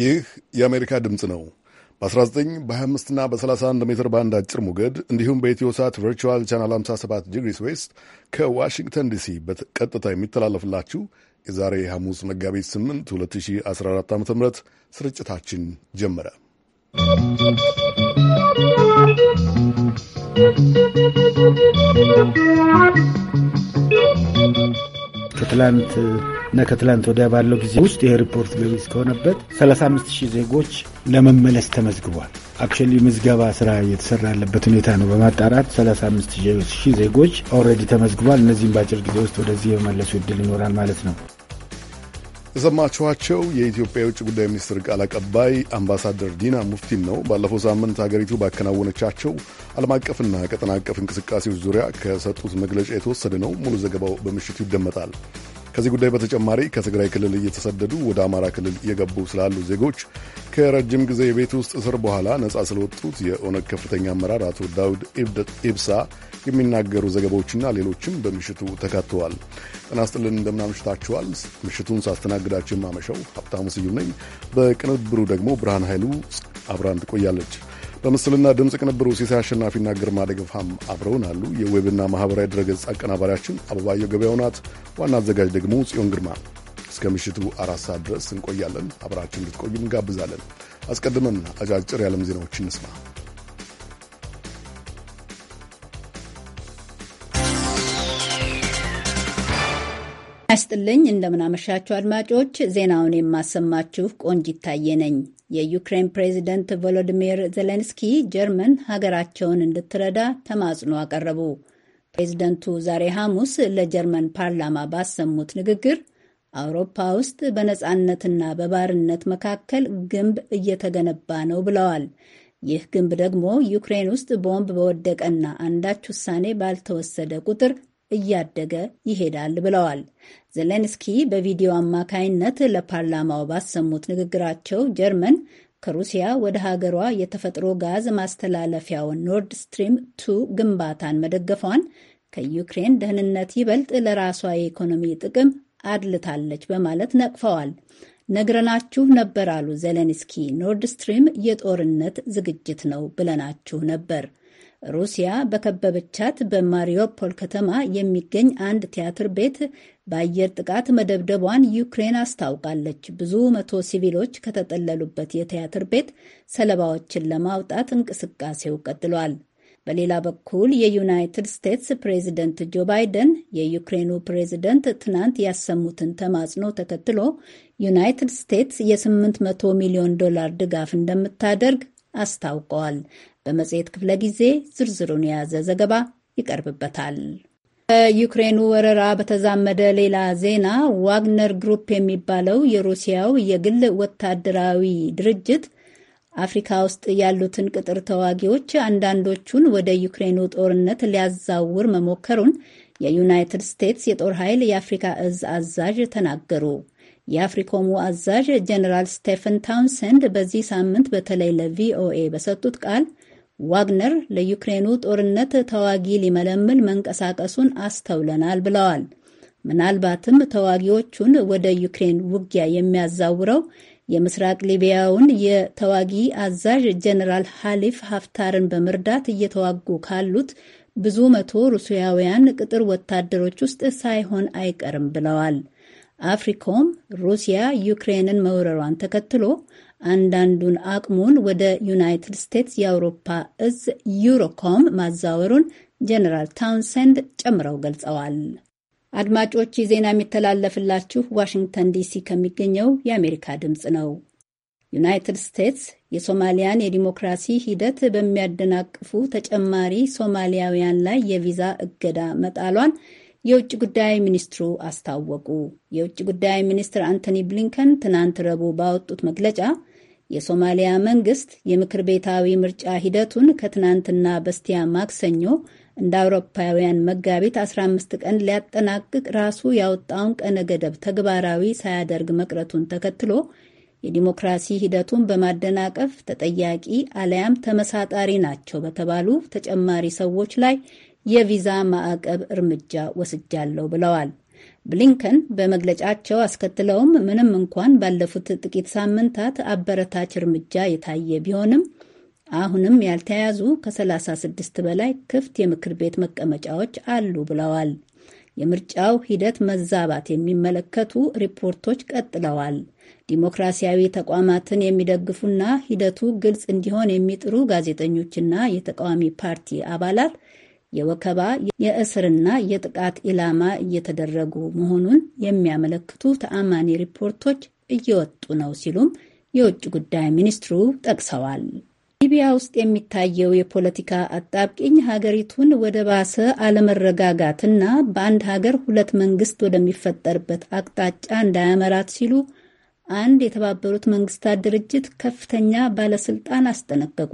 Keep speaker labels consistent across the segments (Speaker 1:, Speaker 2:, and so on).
Speaker 1: ይህ የአሜሪካ ድምፅ ነው። በ19 በ25 እና በ31 ሜትር ባንድ አጭር ሞገድ እንዲሁም በኢትዮ ሳት ቨርቹዋል ቻናል 57 ዲግሪስ ዌስት ከዋሽንግተን ዲሲ በቀጥታ የሚተላለፍላችሁ የዛሬ ሐሙስ መጋቢት 8 2014 ዓ ም ስርጭታችን ጀመረ።
Speaker 2: ¶¶
Speaker 3: ከትላንት እና ከትላንት ወዲያ ባለው ጊዜ ውስጥ ይሄ ሪፖርት ገቢ እስከሆነበት 35 ሺህ ዜጎች ለመመለስ ተመዝግቧል። አክቹዋሊ ምዝገባ ስራ እየተሰራ ያለበት ሁኔታ ነው። በማጣራት 35 ሺህ ዜጎች ኦልሬዲ ተመዝግቧል። እነዚህም በአጭር ጊዜ ውስጥ ወደዚህ የመመለሱ እድል ይኖራል ማለት ነው።
Speaker 1: የሰማችኋቸው የኢትዮጵያ የውጭ ጉዳይ ሚኒስትር ቃል አቀባይ አምባሳደር ዲና ሙፍቲን ነው። ባለፈው ሳምንት ሀገሪቱ ባከናወነቻቸው ዓለም አቀፍና ቀጠና አቀፍ እንቅስቃሴዎች ዙሪያ ከሰጡት መግለጫ የተወሰደ ነው። ሙሉ ዘገባው በምሽቱ ይደመጣል። ከዚህ ጉዳይ በተጨማሪ ከትግራይ ክልል እየተሰደዱ ወደ አማራ ክልል እየገቡ ስላሉ ዜጎች፣ ከረጅም ጊዜ የቤት ውስጥ እስር በኋላ ነጻ ስለወጡት የኦነግ ከፍተኛ አመራር አቶ ዳውድ ኢብሳ የሚናገሩ ዘገባዎችና ሌሎችም በምሽቱ ተካተዋል። ጤና ይስጥልን፣ እንደምናምሽታችኋል። ምሽቱን ሳስተናግዳችሁ የማመሸው ሀብታሙ ስዩም ነኝ። በቅንብሩ ደግሞ ብርሃን ኃይሉ አብራን ትቆያለች። በምስልና ድምፅ ቅንብሩ ሲሳይ አሸናፊና ግርማ ደገፋም አብረውን አሉ። የዌብና ማህበራዊ ድረገጽ አቀናባሪያችን አበባየው ገበያው ናት። ዋና አዘጋጅ ደግሞ ጽዮን ግርማ። እስከ ምሽቱ አራት ሰዓት ድረስ እንቆያለን። አብራችን እንድትቆዩ እንጋብዛለን። አስቀድመን አጫጭር የዓለም ዜናዎችን እንስማ።
Speaker 4: ይስጥልኝ እንደምናመሻችሁ አድማጮች። ዜናውን የማሰማችሁ ቆንጂት ታየ ነኝ። የዩክሬን ፕሬዚደንት ቮሎዲሚር ዜሌንስኪ ጀርመን ሀገራቸውን እንድትረዳ ተማጽኖ አቀረቡ። ፕሬዚደንቱ ዛሬ ሐሙስ ለጀርመን ፓርላማ ባሰሙት ንግግር አውሮፓ ውስጥ በነጻነትና በባርነት መካከል ግንብ እየተገነባ ነው ብለዋል። ይህ ግንብ ደግሞ ዩክሬን ውስጥ ቦምብ በወደቀና አንዳች ውሳኔ ባልተወሰደ ቁጥር እያደገ ይሄዳል ብለዋል። ዘሌንስኪ በቪዲዮ አማካይነት ለፓርላማው ባሰሙት ንግግራቸው ጀርመን ከሩሲያ ወደ ሀገሯ የተፈጥሮ ጋዝ ማስተላለፊያውን ኖርድ ስትሪም ቱ ግንባታን መደገፏን ከዩክሬን ደህንነት ይበልጥ ለራሷ የኢኮኖሚ ጥቅም አድልታለች በማለት ነቅፈዋል። ነግረናችሁ ነበር አሉ ዘሌንስኪ! ኖርድ ስትሪም የጦርነት ዝግጅት ነው ብለናችሁ ነበር። ሩሲያ በከበበቻት በማሪዮፖል ከተማ የሚገኝ አንድ ቲያትር ቤት በአየር ጥቃት መደብደቧን ዩክሬን አስታውቃለች። ብዙ መቶ ሲቪሎች ከተጠለሉበት የቲያትር ቤት ሰለባዎችን ለማውጣት እንቅስቃሴው ቀጥሏል። በሌላ በኩል የዩናይትድ ስቴትስ ፕሬዚደንት ጆ ባይደን የዩክሬኑ ፕሬዚደንት ትናንት ያሰሙትን ተማጽኖ ተከትሎ ዩናይትድ ስቴትስ የ800 ሚሊዮን ዶላር ድጋፍ እንደምታደርግ አስታውቀዋል። በመጽሔት ክፍለ ጊዜ ዝርዝሩን የያዘ ዘገባ ይቀርብበታል። ከዩክሬኑ ወረራ በተዛመደ ሌላ ዜና ዋግነር ግሩፕ የሚባለው የሩሲያው የግል ወታደራዊ ድርጅት አፍሪካ ውስጥ ያሉትን ቅጥር ተዋጊዎች አንዳንዶቹን ወደ ዩክሬኑ ጦርነት ሊያዛውር መሞከሩን የዩናይትድ ስቴትስ የጦር ኃይል የአፍሪካ እዝ አዛዥ ተናገሩ። የአፍሪኮሙ አዛዥ ጀኔራል ስቴፈን ታውንሰንድ በዚህ ሳምንት በተለይ ለቪኦኤ በሰጡት ቃል ዋግነር ለዩክሬኑ ጦርነት ተዋጊ ሊመለምል መንቀሳቀሱን አስተውለናል ብለዋል። ምናልባትም ተዋጊዎቹን ወደ ዩክሬን ውጊያ የሚያዛውረው የምስራቅ ሊቢያውን የተዋጊ አዛዥ ጀነራል ሃሊፍ ሀፍታርን በመርዳት እየተዋጉ ካሉት ብዙ መቶ ሩሲያውያን ቅጥር ወታደሮች ውስጥ ሳይሆን አይቀርም ብለዋል። አፍሪኮም ሩሲያ ዩክሬንን መውረሯን ተከትሎ አንዳንዱን አቅሙን ወደ ዩናይትድ ስቴትስ የአውሮፓ እዝ ዩሮኮም ማዛወሩን ጀነራል ታውንሰንድ ጨምረው ገልጸዋል። አድማጮች ዜና የሚተላለፍላችሁ ዋሽንግተን ዲሲ ከሚገኘው የአሜሪካ ድምፅ ነው። ዩናይትድ ስቴትስ የሶማሊያን የዲሞክራሲ ሂደት በሚያደናቅፉ ተጨማሪ ሶማሊያውያን ላይ የቪዛ እገዳ መጣሏን የውጭ ጉዳይ ሚኒስትሩ አስታወቁ። የውጭ ጉዳይ ሚኒስትር አንቶኒ ብሊንከን ትናንት ረቡዕ ባወጡት መግለጫ የሶማሊያ መንግስት የምክር ቤታዊ ምርጫ ሂደቱን ከትናንትና በስቲያ ማክሰኞ እንደ አውሮፓውያን መጋቢት 15 ቀን ሊያጠናቅቅ ራሱ ያወጣውን ቀነ ገደብ ተግባራዊ ሳያደርግ መቅረቱን ተከትሎ የዲሞክራሲ ሂደቱን በማደናቀፍ ተጠያቂ አለያም ተመሳጣሪ ናቸው በተባሉ ተጨማሪ ሰዎች ላይ የቪዛ ማዕቀብ እርምጃ ወስጃለሁ ብለዋል። ብሊንከን በመግለጫቸው አስከትለውም ምንም እንኳን ባለፉት ጥቂት ሳምንታት አበረታች እርምጃ የታየ ቢሆንም አሁንም ያልተያዙ ከ36 በላይ ክፍት የምክር ቤት መቀመጫዎች አሉ ብለዋል። የምርጫው ሂደት መዛባት የሚመለከቱ ሪፖርቶች ቀጥለዋል። ዲሞክራሲያዊ ተቋማትን የሚደግፉና ሂደቱ ግልጽ እንዲሆን የሚጥሩ ጋዜጠኞችና የተቃዋሚ ፓርቲ አባላት የወከባ የእስርና የጥቃት ኢላማ እየተደረጉ መሆኑን የሚያመለክቱ ተአማኒ ሪፖርቶች እየወጡ ነው ሲሉም የውጭ ጉዳይ ሚኒስትሩ ጠቅሰዋል። ሊቢያ ውስጥ የሚታየው የፖለቲካ አጣብቂኝ ሀገሪቱን ወደ ባሰ አለመረጋጋትና በአንድ ሀገር ሁለት መንግስት ወደሚፈጠርበት አቅጣጫ እንዳያመራት ሲሉ አንድ የተባበሩት መንግስታት ድርጅት ከፍተኛ ባለስልጣን አስጠነቀቁ።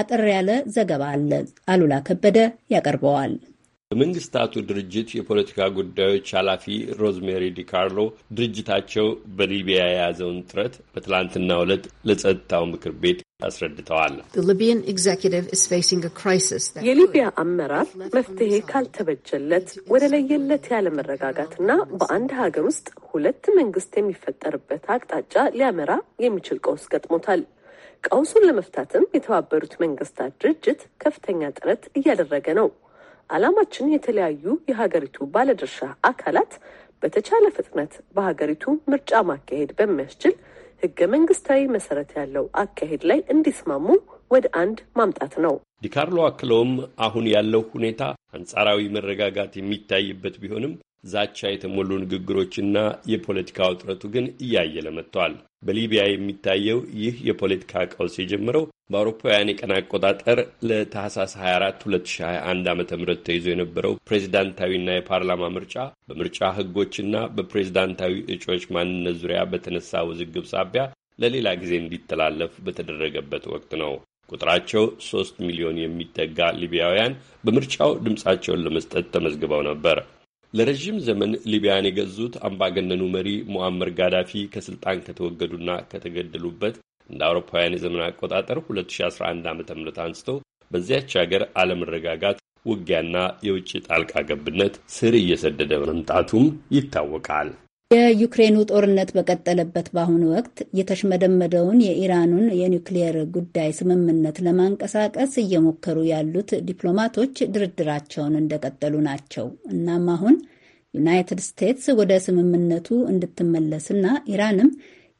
Speaker 4: አጠር ያለ ዘገባ አለ። አሉላ ከበደ ያቀርበዋል።
Speaker 5: በመንግስታቱ ድርጅት የፖለቲካ ጉዳዮች ኃላፊ ሮዝሜሪ ዲካርሎ ድርጅታቸው በሊቢያ የያዘውን ጥረት በትላንትና ዕለት ለጸጥታው ምክር ቤት አስረድተዋል።
Speaker 6: የሊቢያ አመራር መፍትሄ ካልተበጀለት ወደ ለየለት ያለ መረጋጋትና በአንድ ሀገር ውስጥ ሁለት መንግስት የሚፈጠርበት አቅጣጫ ሊያመራ የሚችል ቀውስ ገጥሞታል። ቀውሱን ለመፍታትም የተባበሩት መንግስታት ድርጅት ከፍተኛ ጥረት እያደረገ ነው። ዓላማችን የተለያዩ የሀገሪቱ ባለድርሻ አካላት በተቻለ ፍጥነት በሀገሪቱ ምርጫ ማካሄድ በሚያስችል ህገ መንግስታዊ መሰረት ያለው አካሄድ ላይ እንዲስማሙ ወደ አንድ ማምጣት ነው።
Speaker 5: ዲካርሎ አክለውም አሁን ያለው ሁኔታ አንጻራዊ መረጋጋት የሚታይበት ቢሆንም ዛቻ የተሞሉ ንግግሮችና የፖለቲካ ውጥረቱ ግን እያየለ መጥቷል። በሊቢያ የሚታየው ይህ የፖለቲካ ቀውስ የጀመረው በአውሮፓውያን የቀን አቆጣጠር ለታህሳስ 24 2021 ዓ ም ተይዞ የነበረው ፕሬዚዳንታዊና የፓርላማ ምርጫ በምርጫ ህጎችና በፕሬዚዳንታዊ እጩዎች ማንነት ዙሪያ በተነሳ ውዝግብ ሳቢያ ለሌላ ጊዜ እንዲተላለፍ በተደረገበት ወቅት ነው። ቁጥራቸው ሶስት ሚሊዮን የሚጠጋ ሊቢያውያን በምርጫው ድምፃቸውን ለመስጠት ተመዝግበው ነበር። ለረዥም ዘመን ሊቢያን የገዙት አምባገነኑ መሪ ሙአምር ጋዳፊ ከስልጣን ከተወገዱና ከተገደሉበት እንደ አውሮፓውያን የዘመን አቆጣጠር 2011 ዓ ም አንስቶ በዚያች ሀገር አለመረጋጋት፣ ውጊያና የውጭ ጣልቃ ገብነት ስር እየሰደደ መምጣቱም ይታወቃል።
Speaker 4: የዩክሬኑ ጦርነት በቀጠለበት በአሁኑ ወቅት የተሽመደመደውን የኢራኑን የኒውክሊየር ጉዳይ ስምምነት ለማንቀሳቀስ እየሞከሩ ያሉት ዲፕሎማቶች ድርድራቸውን እንደቀጠሉ ናቸው። እናም አሁን ዩናይትድ ስቴትስ ወደ ስምምነቱ እንድትመለስና ኢራንም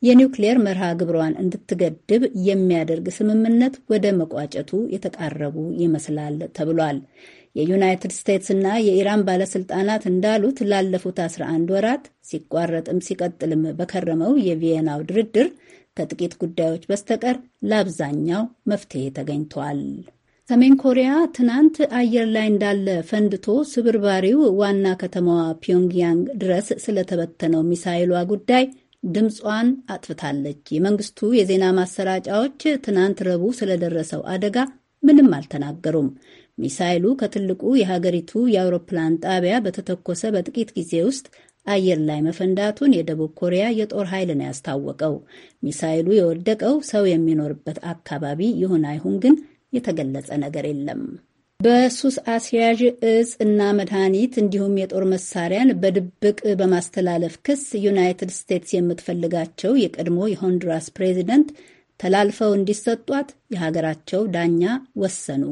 Speaker 4: የኒውክሊየር መርሃ ግብሯን እንድትገድብ የሚያደርግ ስምምነት ወደ መቋጨቱ የተቃረቡ ይመስላል ተብሏል። የዩናይትድ ስቴትስና የኢራን ባለስልጣናት እንዳሉት ላለፉት 11 ወራት ሲቋረጥም ሲቀጥልም በከረመው የቪየናው ድርድር ከጥቂት ጉዳዮች በስተቀር ለአብዛኛው መፍትሄ ተገኝቷል። ሰሜን ኮሪያ ትናንት አየር ላይ እንዳለ ፈንድቶ ስብርባሪው ዋና ከተማዋ ፒዮንግያንግ ድረስ ስለተበተነው ሚሳይሏ ጉዳይ ድምጿን አጥፍታለች። የመንግስቱ የዜና ማሰራጫዎች ትናንት ረቡዕ ስለደረሰው አደጋ ምንም አልተናገሩም። ሚሳይሉ ከትልቁ የሀገሪቱ የአውሮፕላን ጣቢያ በተተኮሰ በጥቂት ጊዜ ውስጥ አየር ላይ መፈንዳቱን የደቡብ ኮሪያ የጦር ኃይል ነው ያስታወቀው። ሚሳይሉ የወደቀው ሰው የሚኖርበት አካባቢ ይሁን አይሁን ግን የተገለጸ ነገር የለም። በሱስ አስያዥ እጽ እና መድኃኒት እንዲሁም የጦር መሳሪያን በድብቅ በማስተላለፍ ክስ ዩናይትድ ስቴትስ የምትፈልጋቸው የቀድሞ የሆንዱራስ ፕሬዚደንት ተላልፈው እንዲሰጧት የሀገራቸው ዳኛ ወሰኑ።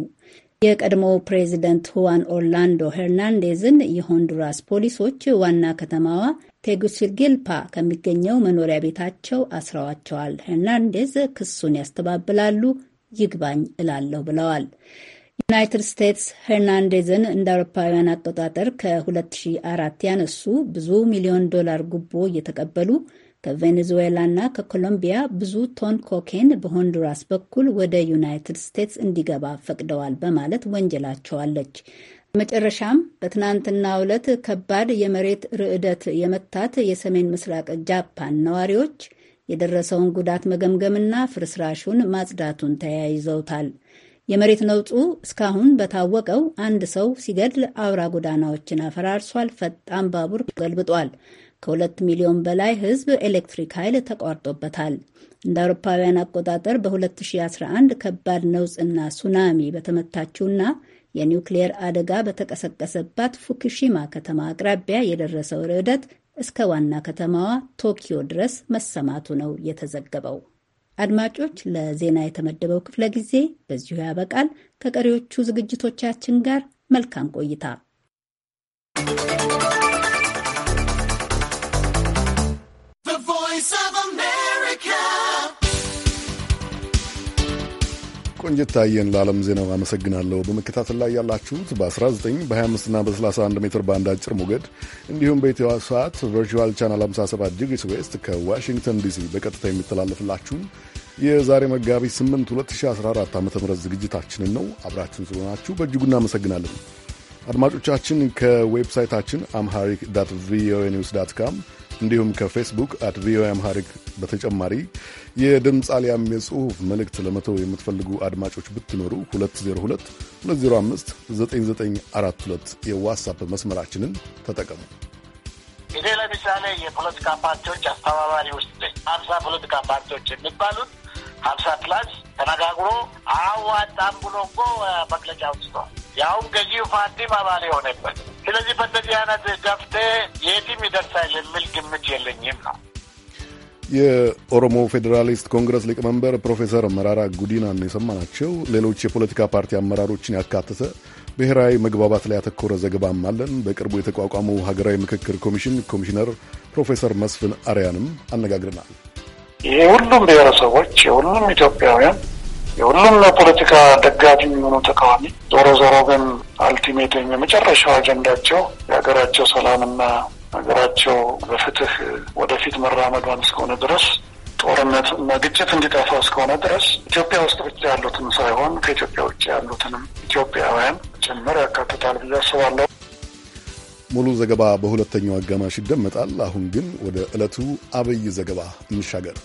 Speaker 4: የቀድሞው ፕሬዚደንት ሁዋን ኦርላንዶ ሄርናንዴዝን የሆንዱራስ ፖሊሶች ዋና ከተማዋ ቴጉሲግልፓ ከሚገኘው መኖሪያ ቤታቸው አስረዋቸዋል። ሄርናንዴዝ ክሱን ያስተባብላሉ፣ ይግባኝ እላለሁ ብለዋል። ዩናይትድ ስቴትስ ሄርናንዴዝን እንደ አውሮፓውያን አቆጣጠር ከ2004 ያነሱ ብዙ ሚሊዮን ዶላር ጉቦ እየተቀበሉ ከቬኔዙዌላና ከኮሎምቢያ ብዙ ቶን ኮኬን በሆንዱራስ በኩል ወደ ዩናይትድ ስቴትስ እንዲገባ ፈቅደዋል በማለት ወንጀላቸዋለች። መጨረሻም በትናንትና ዕለት ከባድ የመሬት ርዕደት የመታት የሰሜን ምስራቅ ጃፓን ነዋሪዎች የደረሰውን ጉዳት መገምገምና ፍርስራሹን ማጽዳቱን ተያይዘውታል። የመሬት ነውጡ እስካሁን በታወቀው አንድ ሰው ሲገድል አውራ ጎዳናዎችን አፈራርሷል፣ ፈጣን ባቡር ገልብጧል። ከሁለት ሚሊዮን በላይ ህዝብ ኤሌክትሪክ ኃይል ተቋርጦበታል። እንደ አውሮፓውያን አቆጣጠር በ2011 ከባድ ነውፅና ሱናሚ በተመታችውና የኒውክሌር አደጋ በተቀሰቀሰባት ፉኩሺማ ከተማ አቅራቢያ የደረሰው ርዕደት እስከ ዋና ከተማዋ ቶኪዮ ድረስ መሰማቱ ነው የተዘገበው። አድማጮች፣ ለዜና የተመደበው ክፍለ ጊዜ በዚሁ ያበቃል። ከቀሪዎቹ ዝግጅቶቻችን ጋር መልካም ቆይታ
Speaker 1: ቆንጅታየን ታየን ለዓለም ዜናው አመሰግናለሁ። በመከታተል ላይ ያላችሁት በ19 በ25 እና በ31 ሜትር ባንድ አጭር ሞገድ እንዲሁም በኢትዮ ሰዓት ቨርቹዋል ቻናል 57 ዲግሪስ ዌስት ከዋሽንግተን ዲሲ በቀጥታ የሚተላለፍላችሁን የዛሬ መጋቢት 8 2014 ዓ ም ዝግጅታችንን ነው። አብራችሁን ስለሆናችሁ በእጅጉ እናመሰግናለን። አድማጮቻችን ከዌብሳይታችን አምሃሪክ ዳት ቪኦኤ ኒውስ ዳት ካም እንዲሁም ከፌስቡክ አት ቪኦኤ አምሃሪክ በተጨማሪ የድምፅ አሊያም የጽሑፍ መልእክት ለመተው የምትፈልጉ አድማጮች ብትኖሩ 2022059942 የዋትሳፕ መስመራችንን ተጠቀሙ።
Speaker 7: እኔ ለምሳሌ የፖለቲካ ፓርቲዎች አስተባባሪ ውስጥ ሀምሳ ፖለቲካ ፓርቲዎች የሚባሉት ሀምሳ ፕላስ ተነጋግሮ አዋጣም ብሎ እኮ መግለጫ ውስጧል። ያውም ገዢው ፓርቲ አባል የሆነበት ስለዚህ በእንደዚህ አይነት ገፍቴ የትም
Speaker 8: ይደርሳል የሚል ግምት የለኝም ነው።
Speaker 1: የኦሮሞ ፌዴራሊስት ኮንግረስ ሊቀመንበር ፕሮፌሰር መራራ ጉዲናን የሰማናቸው። ሌሎች የፖለቲካ ፓርቲ አመራሮችን ያካተተ ብሔራዊ መግባባት ላይ ያተኮረ ዘገባም አለን። በቅርቡ የተቋቋመው ሀገራዊ ምክክር ኮሚሽን ኮሚሽነር ፕሮፌሰር መስፍን አርያንም አነጋግረናል።
Speaker 8: የሁሉም ብሔረሰቦች የሁሉም ኢትዮጵያውያን የሁሉም የፖለቲካ ደጋፊ የሚሆኑ ተቃዋሚ ዞሮ ዞሮ ግን ወይም የመጨረሻው አጀንዳቸው የሀገራቸው ሰላምና ሀገራቸው በፍትህ ወደፊት መራመዷን እስከሆነ ድረስ ጦርነት እና ግጭት እንዲጠፋ እስከሆነ ድረስ ኢትዮጵያ ውስጥ ብቻ ያሉትን ሳይሆን ከኢትዮጵያ ውጭ ያሉትንም ኢትዮጵያውያን ጭምር ያካትታል ብዬ አስባለሁ።
Speaker 1: ሙሉ ዘገባ በሁለተኛው አጋማሽ ይደመጣል። አሁን ግን ወደ ዕለቱ አብይ ዘገባ እንሻገር።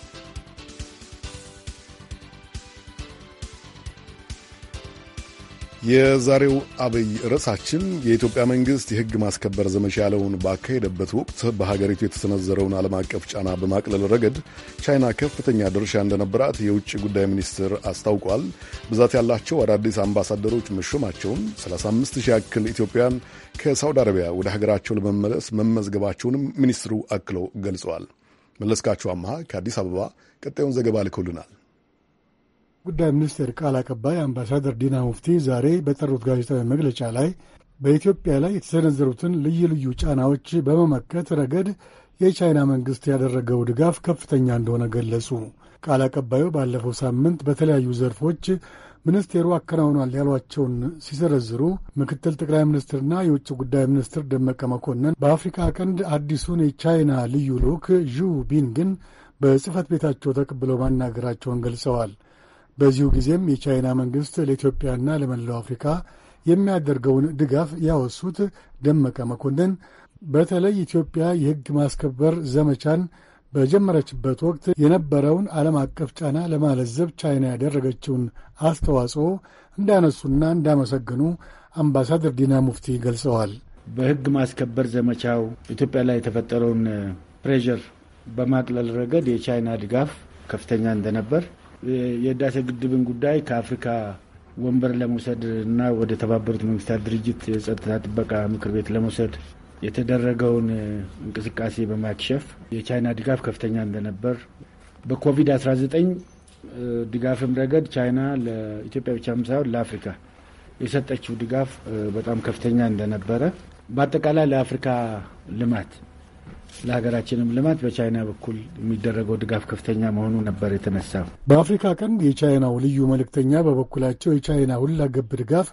Speaker 1: የዛሬው አብይ ርዕሳችን የኢትዮጵያ መንግስት የህግ ማስከበር ዘመቻ ያለውን ባካሄደበት ወቅት በሀገሪቱ የተሰነዘረውን ዓለም አቀፍ ጫና በማቅለል ረገድ ቻይና ከፍተኛ ድርሻ እንደነበራት የውጭ ጉዳይ ሚኒስትር አስታውቋል። ብዛት ያላቸው አዳዲስ አምባሳደሮች መሾማቸውን፣ 35,000 ያክል ኢትዮጵያን ከሳውዲ አረቢያ ወደ ሀገራቸው ለመመለስ መመዝገባቸውንም ሚኒስትሩ አክለው ገልጸዋል። መለስካቸው አምሃ ከአዲስ አበባ ቀጣዩን ዘገባ ልኮልናል።
Speaker 9: ጉዳይ ሚኒስቴር ቃል አቀባይ አምባሳደር ዲና ሙፍቲ ዛሬ በጠሩት ጋዜጣዊ መግለጫ ላይ በኢትዮጵያ ላይ የተሰነዘሩትን ልዩ ልዩ ጫናዎች በመመከት ረገድ የቻይና መንግሥት ያደረገው ድጋፍ ከፍተኛ እንደሆነ ገለጹ። ቃል አቀባዩ ባለፈው ሳምንት በተለያዩ ዘርፎች ሚኒስቴሩ አከናውኗል ያሏቸውን ሲዘረዝሩ ምክትል ጠቅላይ ሚኒስትርና የውጭ ጉዳይ ሚኒስትር ደመቀ መኮንን በአፍሪካ ቀንድ አዲሱን የቻይና ልዩ ልዑክ ዡ ቢንግን በጽህፈት ቤታቸው ተቀብለው ማናገራቸውን ገልጸዋል። በዚሁ ጊዜም የቻይና መንግሥት ለኢትዮጵያና ለመላው አፍሪካ የሚያደርገውን ድጋፍ ያወሱት ደመቀ መኮንን በተለይ ኢትዮጵያ የሕግ ማስከበር ዘመቻን በጀመረችበት ወቅት የነበረውን ዓለም አቀፍ ጫና ለማለዘብ ቻይና ያደረገችውን አስተዋጽኦ እንዳነሱና እንዳመሰገኑ አምባሳደር ዲና ሙፍቲ ገልጸዋል።
Speaker 3: በሕግ ማስከበር ዘመቻው ኢትዮጵያ ላይ የተፈጠረውን ፕሬር በማቅለል ረገድ የቻይና ድጋፍ ከፍተኛ እንደነበር የህዳሴ ግድብን ጉዳይ ከአፍሪካ ወንበር ለመውሰድ እና ወደ ተባበሩት መንግስታት ድርጅት የጸጥታ ጥበቃ ምክር ቤት ለመውሰድ የተደረገውን እንቅስቃሴ በማክሸፍ የቻይና ድጋፍ ከፍተኛ እንደነበር በኮቪድ-19 ድጋፍም ረገድ ቻይና ለኢትዮጵያ ብቻም ሳይሆን ለአፍሪካ የሰጠችው ድጋፍ በጣም ከፍተኛ እንደነበረ በአጠቃላይ ለአፍሪካ ልማት ለሀገራችንም ልማት በቻይና በኩል የሚደረገው ድጋፍ ከፍተኛ መሆኑ ነበር የተነሳ።
Speaker 9: በአፍሪካ ቀንድ የቻይናው ልዩ መልእክተኛ በበኩላቸው የቻይና ሁለገብ ድጋፍ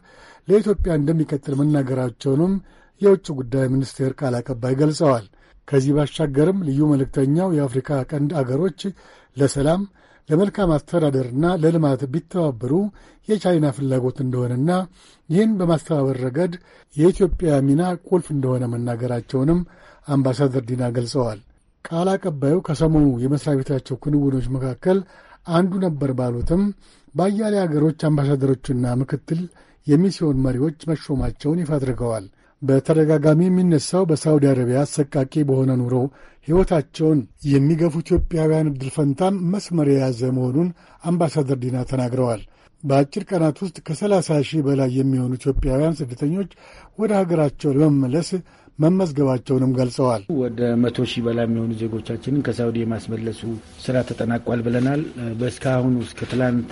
Speaker 9: ለኢትዮጵያ እንደሚቀጥል መናገራቸውንም የውጭ ጉዳይ ሚኒስቴር ቃል አቀባይ ገልጸዋል። ከዚህ ባሻገርም ልዩ መልእክተኛው የአፍሪካ ቀንድ አገሮች ለሰላም ለመልካም አስተዳደርና ለልማት ቢተባበሩ የቻይና ፍላጎት እንደሆነና ይህን በማስተባበር ረገድ የኢትዮጵያ ሚና ቁልፍ እንደሆነ መናገራቸውንም አምባሳደር ዲና ገልጸዋል። ቃል አቀባዩ ከሰሞኑ የመስሪያ ቤታቸው ክንውኖች መካከል አንዱ ነበር ባሉትም በአያሌ አገሮች አምባሳደሮችና ምክትል የሚስዮን መሪዎች መሾማቸውን ይፋ አድርገዋል። በተደጋጋሚ የሚነሳው በሳውዲ አረቢያ አሰቃቂ በሆነ ኑሮ ሕይወታቸውን የሚገፉ ኢትዮጵያውያን እድል ፈንታም መስመር የያዘ መሆኑን አምባሳደር ዲና ተናግረዋል። በአጭር ቀናት ውስጥ ከ 30 ሺህ በላይ የሚሆኑ ኢትዮጵያውያን ስደተኞች ወደ ሀገራቸው ለመመለስ መመዝገባቸውንም ገልጸዋል። ወደ
Speaker 3: መቶ ሺህ በላይ የሚሆኑ ዜጎቻችንን ከሳውዲ የማስመለሱ ስራ ተጠናቋል ብለናል። በእስካሁኑ እስከ ትላንት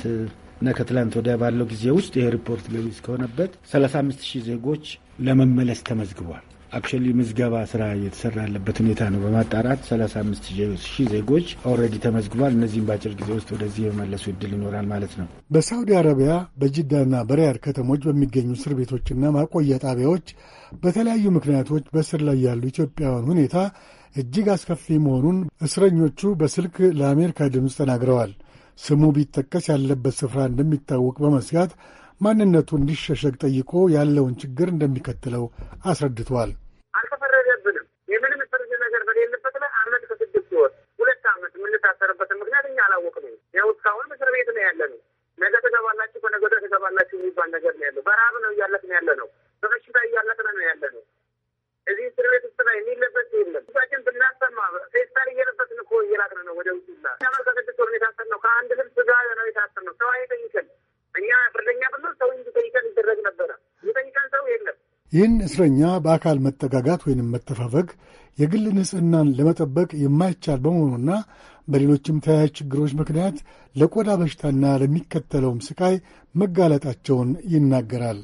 Speaker 3: እና ከትላንት ወዲያ ባለው ጊዜ ውስጥ ይሄ ሪፖርት ገቢ እስከሆነበት 35 ሺህ ዜጎች ለመመለስ ተመዝግቧል። አክቹዋሊ ምዝገባ ስራ እየተሰራ ያለበት ሁኔታ ነው። በማጣራት 35 ሺህ ዜጎች ኦልሬዲ ተመዝግቧል። እነዚህም በአጭር ጊዜ ውስጥ ወደዚህ የመለሱ እድል ይኖራል ማለት ነው።
Speaker 9: በሳዑዲ አረቢያ በጅዳና በሪያድ ከተሞች በሚገኙ እስር ቤቶችና ማቆያ ጣቢያዎች በተለያዩ ምክንያቶች በእስር ላይ ያሉ ኢትዮጵያውያን ሁኔታ እጅግ አስከፊ መሆኑን እስረኞቹ በስልክ ለአሜሪካ ድምፅ ተናግረዋል። ስሙ ቢጠቀስ ያለበት ስፍራ እንደሚታወቅ በመስጋት ማንነቱ እንዲሸሸግ ጠይቆ ያለውን ችግር እንደሚከተለው አስረድተዋል።
Speaker 7: የምንታሰርበትን ምክንያት እኛ አላወቅንም። ይኸው እስካሁን እስር ቤት ነው ያለ ነገ ትገባላችሁ፣ ከነገ ወዲያ ትገባላችሁ የሚባል ነገር ነው ያለው። በረሀብ ነው እያለቅን ያለ ነው። በበሽታ እያለቅን ነው ያለ ነው። እዚህ እስር ቤት ውስጥ ላይ የሚለበት የለም። ሳችን ብናሰማ ፌስታል እየለበስን እኮ እየላቅን ነው ወደ ውጭ ላ ከስድስት ወር የታሰር ነው ከአንድ ልብስ ጋር ነው የታሰር ነው። ሰው አይጠይቀን እኛ ፍርደኛ ብሎ ሰው እንዲጠይቀን ይደረግ ነበረ።
Speaker 9: የሚጠይቀን ሰው የለም። ይህን እስረኛ በአካል መጠጋጋት ወይንም መተፋፈግ የግል ንጽህናን ለመጠበቅ የማይቻል በመሆኑና በሌሎችም ተያያዥ ችግሮች ምክንያት ለቆዳ በሽታና ለሚከተለውም ስቃይ መጋለጣቸውን ይናገራል።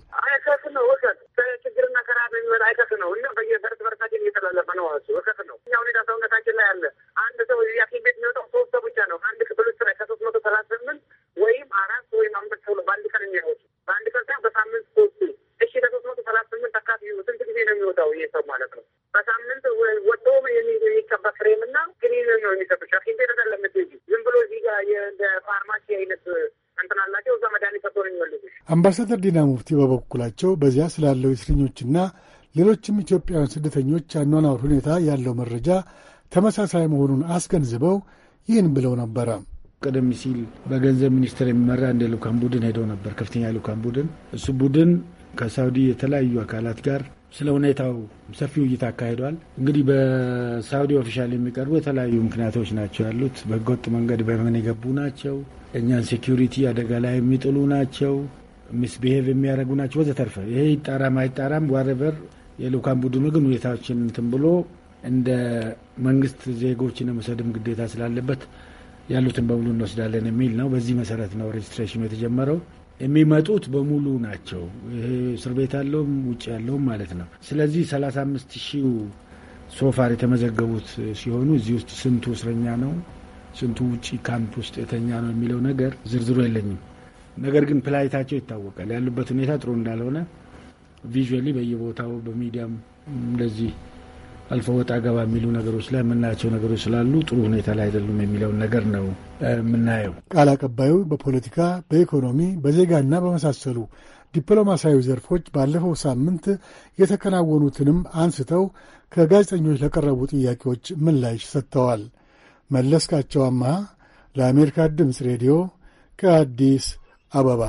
Speaker 7: ነው የሚመጣ አይቀት ነው። እና በየበርስ በርሳችን እየተላለፈ ነው። እሱ እውቀት ነው። እኛ ሁኔታ ሰውነታችን ላይ አለ። አንድ ሰው የሐኪም ቤት የሚወጣው ሶስት ሰው ብቻ ነው። አንድ ክፍል ውስጥ ላይ ከሶስት መቶ ሰላሳ ስምንት ወይም አራት ወይም አምስት ሰው ነው በአንድ ቀን የሚያወጡ ጊዜ ነው የሚወጣው ይህ ሰው ማለት ነው። በሳምንት ወጥቶ የሚቀባ ፍሬም እና ግኒን ነው የሚሰጡሽ። አኪንቴ ነገር ለምትሄጂ ዝም ብሎ እዚህ ጋር እንደ ፋርማሲ አይነት እንትን እዛ መድኃኒት ሰጥቶ ነው
Speaker 9: የሚወልዱሽ። አምባሳደር ዲና ሙፍቲ በበኩላቸው በዚያ ስላለው እስረኞችና ሌሎችም ኢትዮጵያውያን ስደተኞች አኗኗር ሁኔታ ያለው መረጃ ተመሳሳይ መሆኑን አስገንዝበው ይህን ብለው ነበረ። ቀደም ሲል
Speaker 3: በገንዘብ ሚኒስቴር የሚመራ እንደ ልኡካን ቡድን ሄደው ነበር፣ ከፍተኛ ልኡካን ቡድን። እሱ ቡድን ከሳውዲ የተለያዩ አካላት ጋር ስለ ሁኔታው ሰፊ ውይይት አካሂዷል። እንግዲህ በሳውዲ ኦፊሻል የሚቀርቡ የተለያዩ ምክንያቶች ናቸው ያሉት። በህገወጥ መንገድ በምን የገቡ ናቸው፣ እኛን ሴኪሪቲ አደጋ ላይ የሚጥሉ ናቸው፣ ሚስቢሄቭ የሚያደርጉ ናቸው ወዘተርፈ። ይሄ ይጣራም አይጣራም ዋረቨር የልኡካን ቡድኑ ግን ሁኔታዎችን እንትን ብሎ እንደ መንግስት ዜጎችን የመውሰድም ግዴታ ስላለበት ያሉትን በሙሉ እንወስዳለን የሚል ነው። በዚህ መሰረት ነው ሬጅስትሬሽኑ የተጀመረው። የሚመጡት በሙሉ ናቸው። እስር ቤት ያለውም ውጭ ያለውም ማለት ነው። ስለዚህ 35 ሺው ሶፋር የተመዘገቡት ሲሆኑ እዚህ ውስጥ ስንቱ እስረኛ ነው፣ ስንቱ ውጭ ካምፕ ውስጥ የተኛ ነው የሚለው ነገር ዝርዝሩ የለኝም። ነገር ግን ፕላይታቸው ይታወቃል። ያሉበት ሁኔታ ጥሩ እንዳልሆነ ቪዥዋሊ በየቦታው በሚዲያም እንደዚህ አልፎ ወጣ ገባ የሚሉ ነገሮች
Speaker 9: ላይ የምናያቸው ነገሮች ስላሉ ጥሩ ሁኔታ ላይ አይደሉም የሚለውን ነገር ነው የምናየው። ቃል አቀባዩ በፖለቲካ በኢኮኖሚ በዜጋና በመሳሰሉ ዲፕሎማሲያዊ ዘርፎች ባለፈው ሳምንት የተከናወኑትንም አንስተው ከጋዜጠኞች ለቀረቡ ጥያቄዎች ምላሽ ሰጥተዋል። መለስካቸው አማሃ ለአሜሪካ ድምፅ ሬዲዮ ከአዲስ አበባ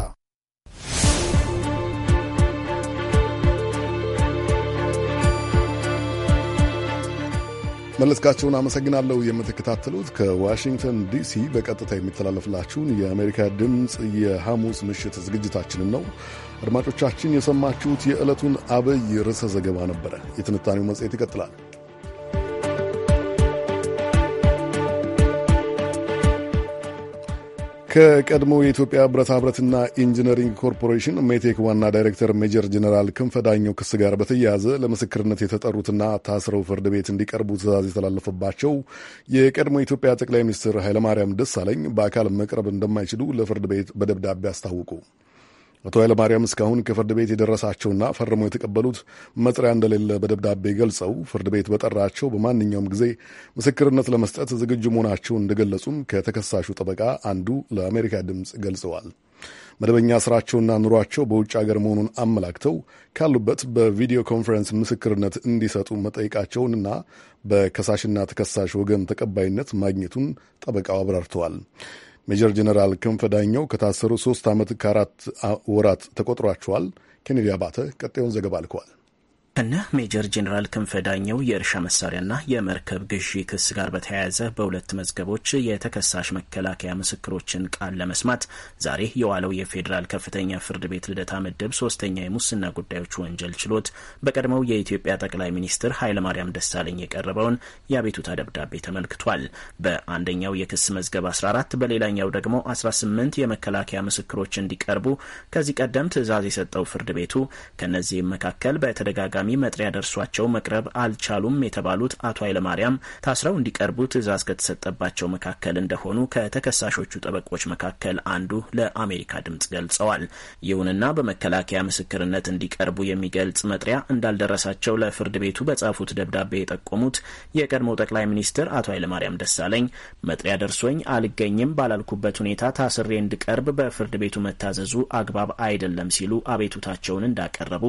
Speaker 1: መለስካቸውን አመሰግናለሁ። የምትከታተሉት ከዋሽንግተን ዲሲ በቀጥታ የሚተላለፍላችሁን የአሜሪካ ድምፅ የሐሙስ ምሽት ዝግጅታችንን ነው። አድማጮቻችን፣ የሰማችሁት የዕለቱን አብይ ርዕሰ ዘገባ ነበረ። የትንታኔው መጽሔት ይቀጥላል። ከቀድሞ የኢትዮጵያ ብረታ ብረትና ኢንጂነሪንግ ኮርፖሬሽን ሜቴክ ዋና ዳይሬክተር ሜጀር ጀነራል ክንፈ ዳኘው ክስ ጋር በተያያዘ ለምስክርነት የተጠሩትና ታስረው ፍርድ ቤት እንዲቀርቡ ትእዛዝ የተላለፈባቸው የቀድሞ የኢትዮጵያ ጠቅላይ ሚኒስትር ኃይለማርያም ደሳለኝ በአካል መቅረብ እንደማይችሉ ለፍርድ ቤት በደብዳቤ አስታወቁ። አቶ ኃይለማርያም እስካሁን ከፍርድ ቤት የደረሳቸውና ፈርመው የተቀበሉት መጥሪያ እንደሌለ በደብዳቤ ገልጸው ፍርድ ቤት በጠራቸው በማንኛውም ጊዜ ምስክርነት ለመስጠት ዝግጁ መሆናቸውን እንደገለጹም ከተከሳሹ ጠበቃ አንዱ ለአሜሪካ ድምፅ ገልጸዋል። መደበኛ ስራቸውና ኑሯቸው በውጭ አገር መሆኑን አመላክተው ካሉበት በቪዲዮ ኮንፈረንስ ምስክርነት እንዲሰጡ መጠየቃቸውንና በከሳሽና ተከሳሽ ወገን ተቀባይነት ማግኘቱን ጠበቃው አብራርተዋል። ሜጀር ጀነራል ክንፈ ዳኘው ከታሰሩ ሶስት ዓመት ከአራት ወራት ተቆጥሯቸዋል። ኬኔዲ አባተ ቀጣዩን
Speaker 2: ዘገባ ልከዋል። ከነ ሜጀር ጄኔራል ክንፈ ዳኘው የእርሻ መሳሪያና የመርከብ ግዢ ክስ ጋር በተያያዘ በሁለት መዝገቦች የተከሳሽ መከላከያ ምስክሮችን ቃል ለመስማት ዛሬ የዋለው የፌዴራል ከፍተኛ ፍርድ ቤት ልደታ ምድብ ሶስተኛ የሙስና ጉዳዮች ወንጀል ችሎት በቀድሞው የኢትዮጵያ ጠቅላይ ሚኒስትር ኃይለማርያም ደሳለኝ የቀረበውን የአቤቱታ ደብዳቤ ተመልክቷል። በአንደኛው የክስ መዝገብ 14 በሌላኛው ደግሞ 18 የመከላከያ ምስክሮች እንዲቀርቡ ከዚህ ቀደም ትዕዛዝ የሰጠው ፍርድ ቤቱ ከእነዚህም መካከል በተደጋጋ በተደጋጋሚ መጥሪያ ደርሷቸው መቅረብ አልቻሉም የተባሉት አቶ ኃይለማርያም ታስረው እንዲቀርቡ ትዕዛዝ ከተሰጠባቸው መካከል እንደሆኑ ከተከሳሾቹ ጠበቆች መካከል አንዱ ለአሜሪካ ድምጽ ገልጸዋል። ይሁንና በመከላከያ ምስክርነት እንዲቀርቡ የሚገልጽ መጥሪያ እንዳልደረሳቸው ለፍርድ ቤቱ በጻፉት ደብዳቤ የጠቆሙት የቀድሞው ጠቅላይ ሚኒስትር አቶ ኃይለማርያም ደሳለኝ መጥሪያ ደርሶኝ አልገኝም ባላልኩበት ሁኔታ ታስሬ እንድቀርብ በፍርድ ቤቱ መታዘዙ አግባብ አይደለም ሲሉ አቤቱታቸውን እንዳቀረቡ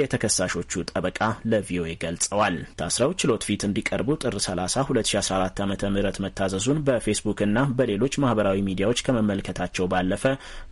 Speaker 2: የተከሳሾቹ ጠበቃ ለቪኦኤ ገልጸዋል። ታስረው ችሎት ፊት እንዲቀርቡ ጥር 30 2014 ዓ ም መታዘዙን በፌስቡክ እና በሌሎች ማህበራዊ ሚዲያዎች ከመመልከታቸው ባለፈ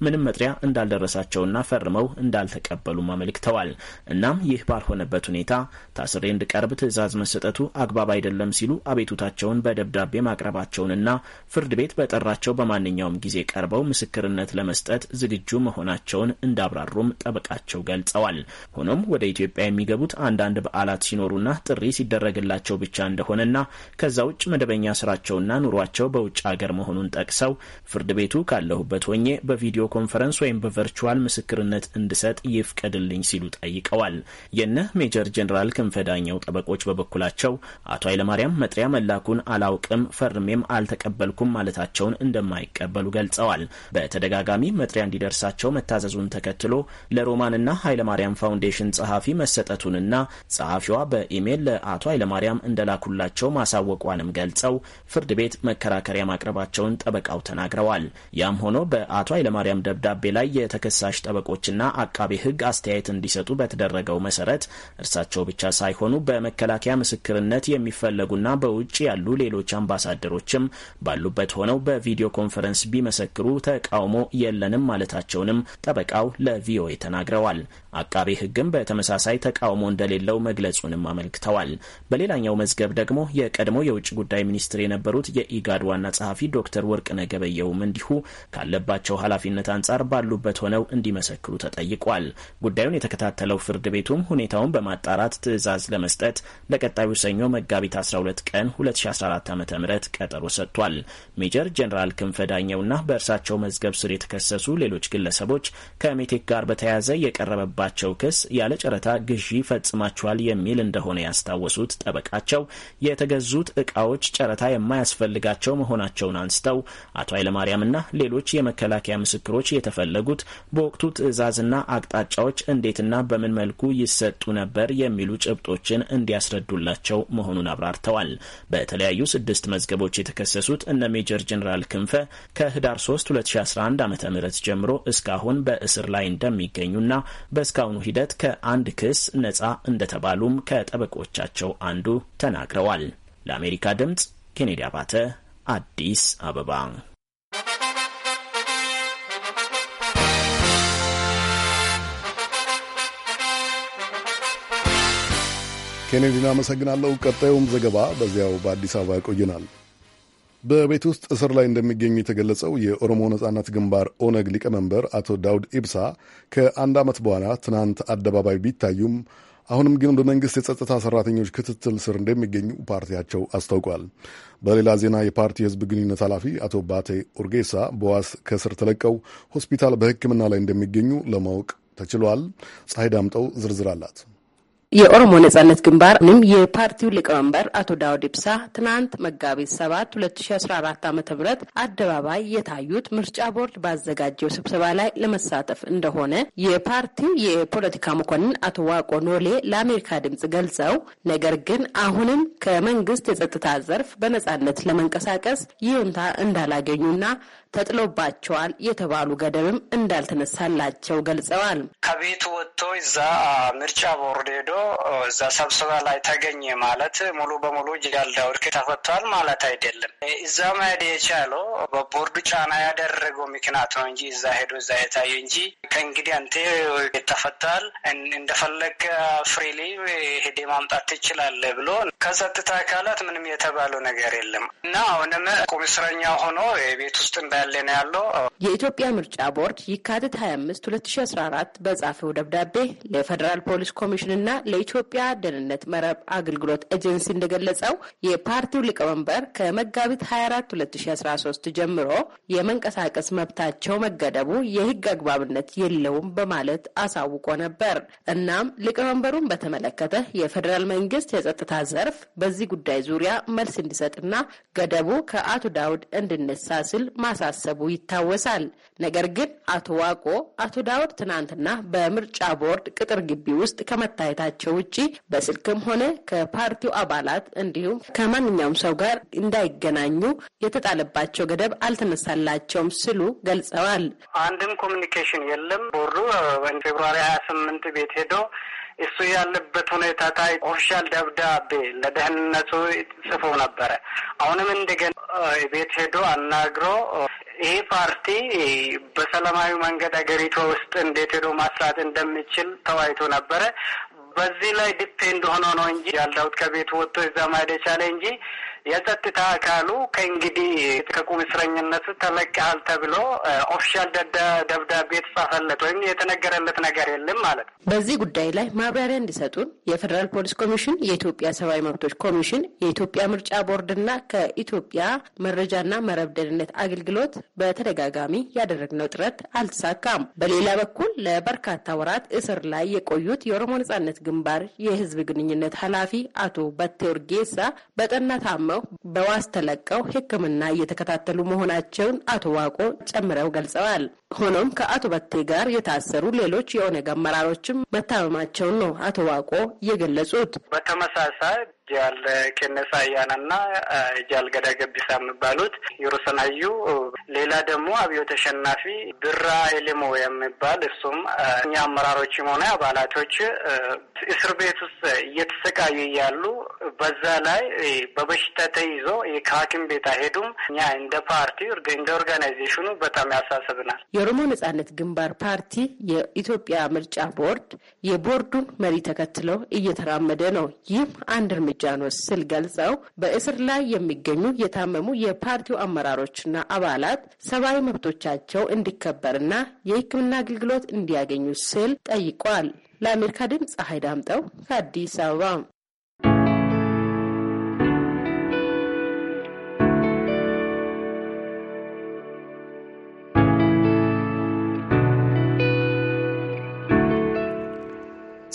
Speaker 2: ምንም መጥሪያ እንዳልደረሳቸውና ፈርመው እንዳልተቀበሉም አመልክተዋል። እናም ይህ ባልሆነበት ሁኔታ ታስሬ እንድቀርብ ትዕዛዝ መሰጠቱ አግባብ አይደለም ሲሉ አቤቱታቸውን በደብዳቤ ማቅረባቸውንና ፍርድ ቤት በጠራቸው በማንኛውም ጊዜ ቀርበው ምስክርነት ለመስጠት ዝግጁ መሆናቸውን እንዳብራሩም ጠበቃቸው ገልጸዋል። ሆኖም ወደ ኢትዮጵያ የሚገቡት አንዳንድ በዓላት ሲኖሩና ጥሪ ሲደረግላቸው ብቻ እንደሆነና ከዛ ውጭ መደበኛ ስራቸውና ኑሯቸው በውጭ ሀገር መሆኑን ጠቅሰው ፍርድ ቤቱ ካለሁበት ሆኜ በቪዲዮ ኮንፈረንስ ወይም በቨርቹዋል ምስክርነት እንድሰጥ ይፍቀድልኝ ሲሉ ጠይቀዋል። የነ ሜጀር ጀኔራል ክንፈ ዳኘው ጠበቆች በበኩላቸው አቶ ኃይለማርያም መጥሪያ መላኩን አላውቅም፣ ፈርሜም አልተቀበልኩም ማለታቸውን እንደማይቀበሉ ገልጸዋል። በተደጋጋሚ መጥሪያ እንዲደርሳቸው መታዘዙን ተከትሎ ለሮማንና ኃይለማርያም ፋውንዴሽን ጸሐፊ መሰጠቱን መሆኑንና ጸሐፊዋ በኢሜይል ለአቶ ኃይለማርያም እንደላኩላቸው ማሳወቋንም ገልጸው ፍርድ ቤት መከራከሪያ ማቅረባቸውን ጠበቃው ተናግረዋል። ያም ሆኖ በአቶ ኃይለማርያም ደብዳቤ ላይ የተከሳሽ ጠበቆችና አቃቤ ሕግ አስተያየት እንዲሰጡ በተደረገው መሰረት እርሳቸው ብቻ ሳይሆኑ በመከላከያ ምስክርነት የሚፈለጉና በውጭ ያሉ ሌሎች አምባሳደሮችም ባሉበት ሆነው በቪዲዮ ኮንፈረንስ ቢመሰክሩ ተቃውሞ የለንም ማለታቸውንም ጠበቃው ለቪኦኤ ተናግረዋል። አቃቤ ሕግም በተመሳሳይ ተቃውሞ እንደሌለው መግለጹንም አመልክተዋል። በሌላኛው መዝገብ ደግሞ የቀድሞ የውጭ ጉዳይ ሚኒስትር የነበሩት የኢጋድ ዋና ጸሐፊ ዶክተር ወርቅነህ ገበየሁም እንዲሁ ካለባቸው ኃላፊነት አንጻር ባሉበት ሆነው እንዲመሰክሩ ተጠይቋል። ጉዳዩን የተከታተለው ፍርድ ቤቱም ሁኔታውን በማጣራት ትዕዛዝ ለመስጠት ለቀጣዩ ሰኞ መጋቢት 12 ቀን 2014 ዓ ም ቀጠሮ ሰጥቷል። ሜጀር ጀኔራል ክንፈ ዳኘውና በእርሳቸው መዝገብ ስር የተከሰሱ ሌሎች ግለሰቦች ከሜቴክ ጋር በተያያዘ የቀረበባቸው ክስ ያለ ጨረታ ግዢ ይፈጽማቸዋል የሚል እንደሆነ ያስታወሱት ጠበቃቸው የተገዙት እቃዎች ጨረታ የማያስፈልጋቸው መሆናቸውን አንስተው አቶ ኃይለማርያምና ሌሎች የመከላከያ ምስክሮች የተፈለጉት በወቅቱ ትዕዛዝና አቅጣጫዎች እንዴትና በምን መልኩ ይሰጡ ነበር የሚሉ ጭብጦችን እንዲያስረዱላቸው መሆኑን አብራርተዋል። በተለያዩ ስድስት መዝገቦች የተከሰሱት እነ ሜጀር ጀኔራል ክንፈ ከህዳር 3 2011 ዓ ም ጀምሮ እስካሁን በእስር ላይ እንደሚገኙና በእስካሁኑ ሂደት ከአንድ ክስ ነጻ እንደተባሉም ከጠበቆቻቸው አንዱ ተናግረዋል። ለአሜሪካ ድምፅ ኬኔዲ አባተ አዲስ አበባ።
Speaker 1: ኬኔዲን አመሰግናለሁ። ቀጣዩም ዘገባ በዚያው በአዲስ አበባ ያቆየናል። በቤት ውስጥ እስር ላይ እንደሚገኙ የተገለጸው የኦሮሞ ነጻነት ግንባር ኦነግ ሊቀመንበር አቶ ዳውድ ኢብሳ ከአንድ ዓመት በኋላ ትናንት አደባባይ ቢታዩም አሁንም ግን በመንግስት የጸጥታ ሰራተኞች ክትትል ስር እንደሚገኙ ፓርቲያቸው አስታውቋል። በሌላ ዜና የፓርቲ የህዝብ ግንኙነት ኃላፊ አቶ ባቴ ኡርጌሳ በዋስ ከስር ተለቀው ሆስፒታል በሕክምና ላይ እንደሚገኙ ለማወቅ ተችሏል። ፀሐይ ዳምጠው ዝርዝር አላት።
Speaker 10: የኦሮሞ ነጻነት
Speaker 1: ግንባር ንም የፓርቲው ሊቀመንበር አቶ ዳውድ ኢብሳ ትናንት
Speaker 10: መጋቢት ሰባት ሁለት ሺ አስራ አራት ዓመተ ምህረት አደባባይ የታዩት ምርጫ ቦርድ ባዘጋጀው ስብሰባ ላይ ለመሳተፍ እንደሆነ የፓርቲው የፖለቲካ መኮንን አቶ ዋቆ ኖሌ ለአሜሪካ ድምጽ ገልጸው፣ ነገር ግን አሁንም ከመንግስት የጸጥታ ዘርፍ በነጻነት ለመንቀሳቀስ ይሁንታ እንዳላገኙና ተጥሎባቸዋል የተባሉ ገደብም እንዳልተነሳላቸው ገልጸዋል።
Speaker 11: ከቤት ወጥቶ እዛ ምርጫ ቦርድ ሄዶ እዛ ሰብሰባ ላይ ተገኘ ማለት ሙሉ በሙሉ ጅዳልዳ ውድቅ ተፈቷል ማለት አይደለም። እዛ መሄድ የቻለው በቦርዱ ጫና ያደረገው ምክንያት ነው እንጂ እዛ ሄዶ እዛ የታየ እንጂ ከእንግዲህ አንተ ተፈቷል እንደፈለግ ፍሪሊ ሄዴ ማምጣት ትችላለ ብሎ ከጸጥታ አካላት ምንም የተባለው ነገር የለም እና አሁንም ቁም እስረኛ ሆኖ ቤት ውስጥ እንዳ እያለ ነው ያለው።
Speaker 10: የኢትዮጵያ ምርጫ ቦርድ ይካትት ሀያ አምስት ሁለት ሺ አስራ አራት በጻፈው ደብዳቤ ለፌዴራል ፖሊስ ኮሚሽንና ለኢትዮጵያ ደህንነት መረብ አገልግሎት ኤጀንሲ እንደገለጸው የፓርቲው ሊቀመንበር ከመጋቢት ሀያ አራት ሁለት ሺ አስራ ሶስት ጀምሮ የመንቀሳቀስ መብታቸው መገደቡ የህግ አግባብነት የለውም በማለት አሳውቆ ነበር። እናም ሊቀመንበሩን በተመለከተ የፌዴራል መንግስት የጸጥታ ዘርፍ በዚህ ጉዳይ ዙሪያ መልስ እንዲሰጥና ገደቡ ከአቶ ዳውድ እንድነሳ ስል ማሳ እንደታሰቡ ይታወሳል። ነገር ግን አቶ ዋቆ አቶ ዳውድ ትናንትና በምርጫ ቦርድ ቅጥር ግቢ ውስጥ ከመታየታቸው ውጪ በስልክም ሆነ ከፓርቲው አባላት እንዲሁም ከማንኛውም ሰው ጋር እንዳይገናኙ የተጣለባቸው ገደብ አልተነሳላቸውም ሲሉ ገልጸዋል።
Speaker 11: አንድም ኮሚኒኬሽን የለም። ቦርዱ ፌብሩዋሪ ሀያ ስምንት ቤት ሄዶ እሱ ያለበት ሁኔታ ታይ ኦፊሻል ደብዳቤ ለደህንነቱ ጽፎ ነበረ። አሁንም እንደገና ቤት ሄዶ አናግሮ ይህ ፓርቲ በሰላማዊ መንገድ ሀገሪቷ ውስጥ እንዴት ሄዶ ማስራት እንደሚችል ተወያይቶ ነበረ። በዚህ ላይ ዲፔንድ ሆኖ ነው እንጂ ያልዳውት ከቤት ወጥቶ እዛ ማሄድ የቻለ እንጂ የጸጥታ አካሉ ከእንግዲህ ከቁም እስረኝነቱ ተለቀሃል ተብሎ ኦፊሻል ደብዳቤ የተጻፈለት ወይም የተነገረለት ነገር የለም ማለት ነው።
Speaker 10: በዚህ ጉዳይ ላይ ማብራሪያ እንዲሰጡን የፌዴራል ፖሊስ ኮሚሽን፣ የኢትዮጵያ ሰብአዊ መብቶች ኮሚሽን፣ የኢትዮጵያ ምርጫ ቦርድና ከኢትዮጵያ መረጃና መረብ ደህንነት አገልግሎት በተደጋጋሚ ያደረግነው ጥረት አልተሳካም። በሌላ በኩል ለበርካታ ወራት እስር ላይ የቆዩት የኦሮሞ ነጻነት ግንባር የህዝብ ግንኙነት ኃላፊ አቶ በቴ ኡርጌሳ በጠና ታመው ታመው በዋስ ተለቀው ሕክምና እየተከታተሉ መሆናቸውን አቶ ዋቆ ጨምረው ገልጸዋል። ሆኖም ከአቶ በቴ ጋር የታሰሩ ሌሎች የኦነግ አመራሮችም መታመማቸውን ነው አቶ ዋቆ እየገለጹት።
Speaker 11: በተመሳሳይ ጃል ኬነሳ አያና እና ጃል ገዳ ገቢሳ የሚባሉት ዩሮሰናዩ፣ ሌላ ደግሞ አብዮ ተሸናፊ፣ ብራ ኤሌሞ የሚባል እሱም እኛ አመራሮችም ሆነ አባላቶች እስር ቤት ውስጥ እየተሰቃዩ እያሉ በዛ ላይ በበሽታ ተይዞ ከሐኪም ቤት አይሄዱም። እኛ እንደ ፓርቲ እንደ ኦርጋናይዜሽኑ በጣም ያሳስብናል።
Speaker 10: የኦሮሞ ነጻነት ግንባር ፓርቲ የኢትዮጵያ ምርጫ ቦርድ የቦርዱን መሪ ተከትለው እየተራመደ ነው። ይህም አንድ እርምጃ ነው ስል ገልጸው በእስር ላይ የሚገኙ የታመሙ የፓርቲው አመራሮችና አባላት ሰብአዊ መብቶቻቸው እንዲከበርና የሕክምና አገልግሎት እንዲያገኙ ስል ጠይቋል። ለአሜሪካ ድምፅ ፀሐይ ዳምጠው ከአዲስ አበባ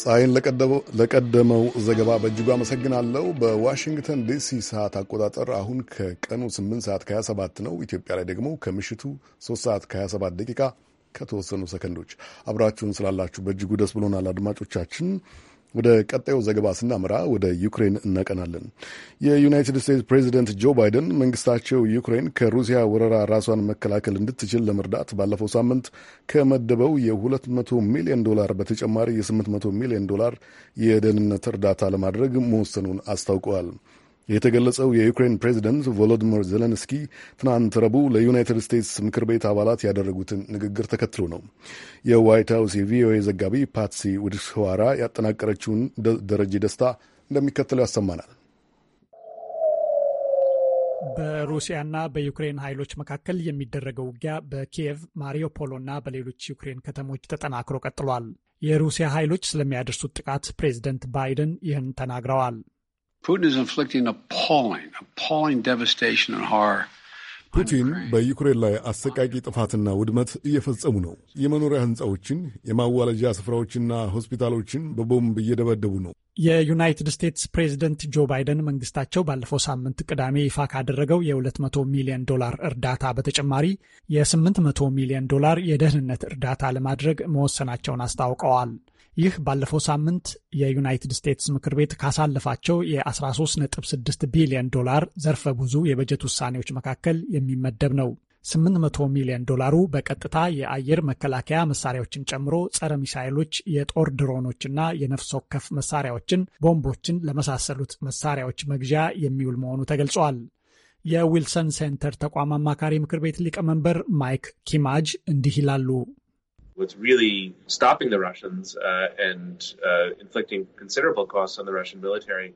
Speaker 1: ፀሐይን ለቀደመው ዘገባ በእጅጉ አመሰግናለሁ። በዋሽንግተን ዲሲ ሰዓት አቆጣጠር አሁን ከቀኑ 8 ሰዓት ከ27 ነው። ኢትዮጵያ ላይ ደግሞ ከምሽቱ 3 ሰዓት ከ27 ደቂቃ ከተወሰኑ ሰከንዶች አብራችሁን ስላላችሁ በእጅጉ ደስ ብሎናል አድማጮቻችን። ወደ ቀጣዩ ዘገባ ስናመራ ወደ ዩክሬን እናቀናለን። የዩናይትድ ስቴትስ ፕሬዚደንት ጆ ባይደን መንግስታቸው ዩክሬን ከሩሲያ ወረራ ራሷን መከላከል እንድትችል ለመርዳት ባለፈው ሳምንት ከመደበው የ200 ሚሊዮን ዶላር በተጨማሪ የ800 ሚሊዮን ዶላር የደህንነት እርዳታ ለማድረግ መወሰኑን አስታውቀዋል። የተገለጸው የዩክሬን ፕሬዚደንት ቮሎዲሚር ዜሌንስኪ ትናንት ረቡዕ ለዩናይትድ ስቴትስ ምክር ቤት አባላት ያደረጉትን ንግግር ተከትሎ ነው። የዋይት ሀውስ የቪኦኤ ዘጋቢ ፓትሲ ውድስዋራ ያጠናቀረችውን ደረጀ ደስታ እንደሚከተለው ያሰማናል።
Speaker 12: በሩሲያና በዩክሬን ኃይሎች መካከል የሚደረገው ውጊያ በኪየቭ ማሪዮፖሎና በሌሎች ዩክሬን ከተሞች ተጠናክሮ ቀጥሏል። የሩሲያ ኃይሎች ስለሚያደርሱት ጥቃት ፕሬዚደንት ባይደን ይህን ተናግረዋል።
Speaker 8: ፑቲን
Speaker 1: በዩክሬን ላይ አሰቃቂ ጥፋትና ውድመት እየፈጸሙ ነው። የመኖሪያ ሕንፃዎችን፣ የማዋለጃ ስፍራዎችና ሆስፒታሎችን በቦምብ እየደበደቡ ነው።
Speaker 12: የዩናይትድ ስቴትስ ፕሬዝደንት ጆ ባይደን መንግስታቸው ባለፈው ሳምንት ቅዳሜ ይፋ ካደረገው የ200 ሚሊዮን ዶላር እርዳታ በተጨማሪ የ800 ሚሊዮን ዶላር የደህንነት እርዳታ ለማድረግ መወሰናቸውን አስታውቀዋል። ይህ ባለፈው ሳምንት የዩናይትድ ስቴትስ ምክር ቤት ካሳለፋቸው የ13.6 ቢሊዮን ዶላር ዘርፈ ብዙ የበጀት ውሳኔዎች መካከል የሚመደብ ነው። 800 ሚሊዮን ዶላሩ በቀጥታ የአየር መከላከያ መሳሪያዎችን ጨምሮ ጸረ ሚሳይሎች፣ የጦር ድሮኖችና የነፍስ ወከፍ መሳሪያዎችን፣ ቦምቦችን ለመሳሰሉት መሳሪያዎች መግዣ የሚውል መሆኑ ተገልጿል። የዊልሰን ሴንተር ተቋም አማካሪ ምክር ቤት ሊቀመንበር ማይክ ኪማጅ እንዲህ
Speaker 1: ይላሉ።
Speaker 5: what's really stopping the Russians uh, and uh, inflicting
Speaker 2: considerable costs on the Russian military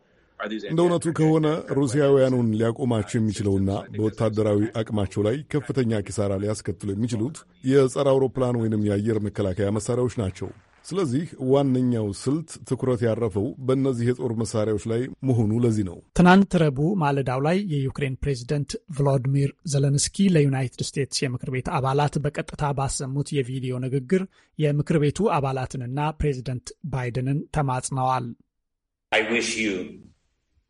Speaker 13: እንደ እውነቱ
Speaker 1: ከሆነ ሩሲያውያኑን ሊያቆማቸው የሚችለውና በወታደራዊ አቅማቸው ላይ ከፍተኛ ኪሳራ ሊያስከትሉ የሚችሉት የጸረ አውሮፕላን ወይንም የአየር መከላከያ መሳሪያዎች ናቸው። ስለዚህ ዋነኛው ስልት ትኩረት ያረፈው በእነዚህ የጦር መሳሪያዎች ላይ መሆኑ ለዚህ ነው።
Speaker 12: ትናንት ረቡዕ ማለዳው ላይ የዩክሬን ፕሬዚደንት ቮሎዲሚር ዘለንስኪ ለዩናይትድ ስቴትስ የምክር ቤት አባላት በቀጥታ ባሰሙት የቪዲዮ ንግግር የምክር ቤቱ አባላትንና ፕሬዚደንት ባይደንን ተማጽነዋል።
Speaker 5: I wish you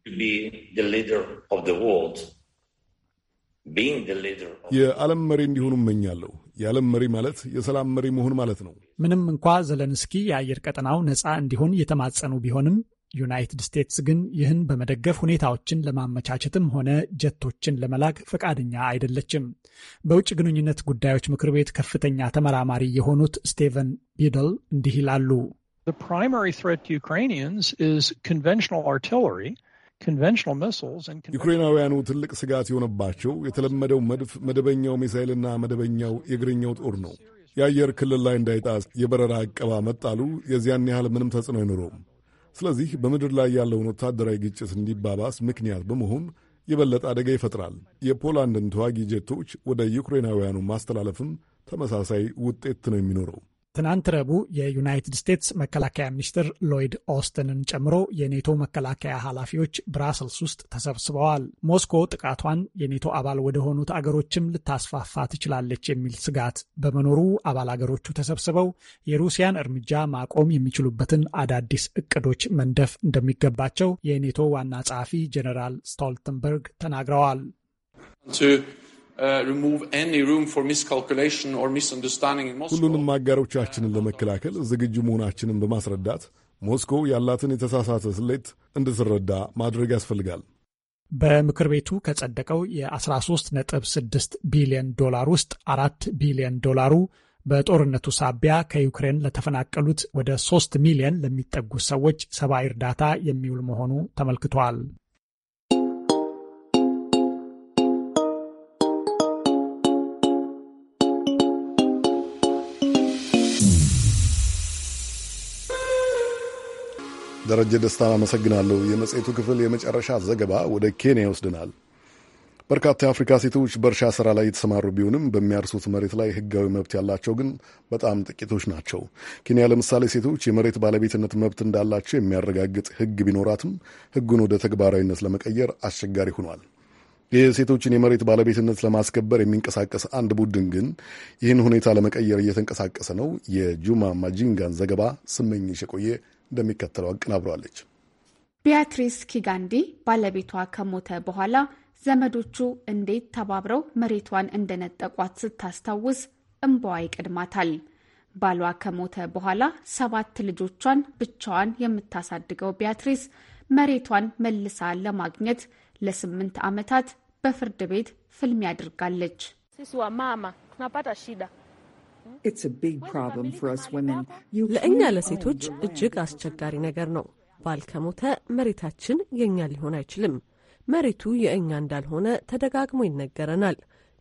Speaker 5: to be the leader of the world.
Speaker 1: የዓለም መሪ እንዲሆኑ እመኛለሁ። የዓለም መሪ ማለት የሰላም መሪ መሆን ማለት ነው።
Speaker 12: ምንም እንኳ ዘለንስኪ የአየር ቀጠናው ነፃ እንዲሆን እየተማጸኑ ቢሆንም ዩናይትድ ስቴትስ ግን ይህን በመደገፍ ሁኔታዎችን ለማመቻቸትም ሆነ ጀቶችን ለመላክ ፈቃደኛ አይደለችም። በውጭ ግንኙነት ጉዳዮች ምክር ቤት ከፍተኛ ተመራማሪ የሆኑት ስቴቨን ቢደል እንዲህ ይላሉ።
Speaker 4: The primary threat to
Speaker 12: Ukrainians is conventional artillery
Speaker 1: ዩክሬናውያኑ ትልቅ ስጋት የሆነባቸው የተለመደው መድፍ፣ መደበኛው ሚሳይልና መደበኛው የእግረኛው ጦር ነው። የአየር ክልል ላይ እንዳይጣስ የበረራ ዕቀባ መጣሉ የዚያን ያህል ምንም ተጽዕኖ አይኖረውም። ስለዚህ በምድር ላይ ያለውን ወታደራዊ ግጭት እንዲባባስ ምክንያት በመሆን የበለጠ አደጋ ይፈጥራል። የፖላንድን ተዋጊ ጀቶች ወደ ዩክሬናውያኑ ማስተላለፍም ተመሳሳይ ውጤት ነው የሚኖረው።
Speaker 12: ትናንት ረቡዕ የዩናይትድ ስቴትስ መከላከያ ሚኒስትር ሎይድ ኦስትንን ጨምሮ የኔቶ መከላከያ ኃላፊዎች ብራስልስ ውስጥ ተሰብስበዋል። ሞስኮ ጥቃቷን የኔቶ አባል ወደሆኑት አገሮችም ልታስፋፋ ትችላለች የሚል ስጋት በመኖሩ አባል አገሮቹ ተሰብስበው የሩሲያን እርምጃ ማቆም የሚችሉበትን አዳዲስ እቅዶች መንደፍ እንደሚገባቸው የኔቶ ዋና ጸሐፊ ጀነራል ስቶልተንበርግ ተናግረዋል።
Speaker 14: Uh, ሁሉንም
Speaker 1: አጋሮቻችንን ለመከላከል ዝግጁ መሆናችንን በማስረዳት ሞስኮ ያላትን የተሳሳተ ስሌት እንድትረዳ ማድረግ ያስፈልጋል።
Speaker 12: በምክር ቤቱ ከጸደቀው የ13.6 ቢሊዮን ዶላር ውስጥ አራት ቢሊዮን ዶላሩ በጦርነቱ ሳቢያ ከዩክሬን ለተፈናቀሉት ወደ ሶስት ሚሊዮን ለሚጠጉ ሰዎች ሰብአዊ እርዳታ የሚውል መሆኑ ተመልክቷል።
Speaker 1: ደረጀ ደስታን አመሰግናለሁ። የመጽሔቱ ክፍል የመጨረሻ ዘገባ ወደ ኬንያ ይወስድናል። በርካታ የአፍሪካ ሴቶች በእርሻ ስራ ላይ የተሰማሩ ቢሆንም በሚያርሱት መሬት ላይ ሕጋዊ መብት ያላቸው ግን በጣም ጥቂቶች ናቸው። ኬንያ ለምሳሌ ሴቶች የመሬት ባለቤትነት መብት እንዳላቸው የሚያረጋግጥ ሕግ ቢኖራትም ሕጉን ወደ ተግባራዊነት ለመቀየር አስቸጋሪ ሆኗል። የሴቶችን የመሬት ባለቤትነት ለማስከበር የሚንቀሳቀስ አንድ ቡድን ግን ይህን ሁኔታ ለመቀየር እየተንቀሳቀሰ ነው። የጁማ ማጂንጋን ዘገባ ስመኝሽ የቆየ እንደሚከተለው አቀናብራለች
Speaker 15: ቢያትሪስ ኪጋንዲ ባለቤቷ ከሞተ በኋላ ዘመዶቹ እንዴት ተባብረው መሬቷን እንደነጠቋት ስታስታውስ እምባዋ ይቀድማታል። ባሏ ከሞተ በኋላ ሰባት ልጆቿን ብቻዋን የምታሳድገው ቢያትሪስ መሬቷን መልሳ ለማግኘት ለስምንት ዓመታት በፍርድ ቤት ፍልሚያ አድርጋለች። ሲስዋ ማማ ናፓታ ሺዳ
Speaker 6: ለእኛ ለሴቶች እጅግ አስቸጋሪ ነገር ነው። ባል ከሞተ መሬታችን የእኛ ሊሆን አይችልም። መሬቱ የእኛ እንዳልሆነ ተደጋግሞ ይነገረናል።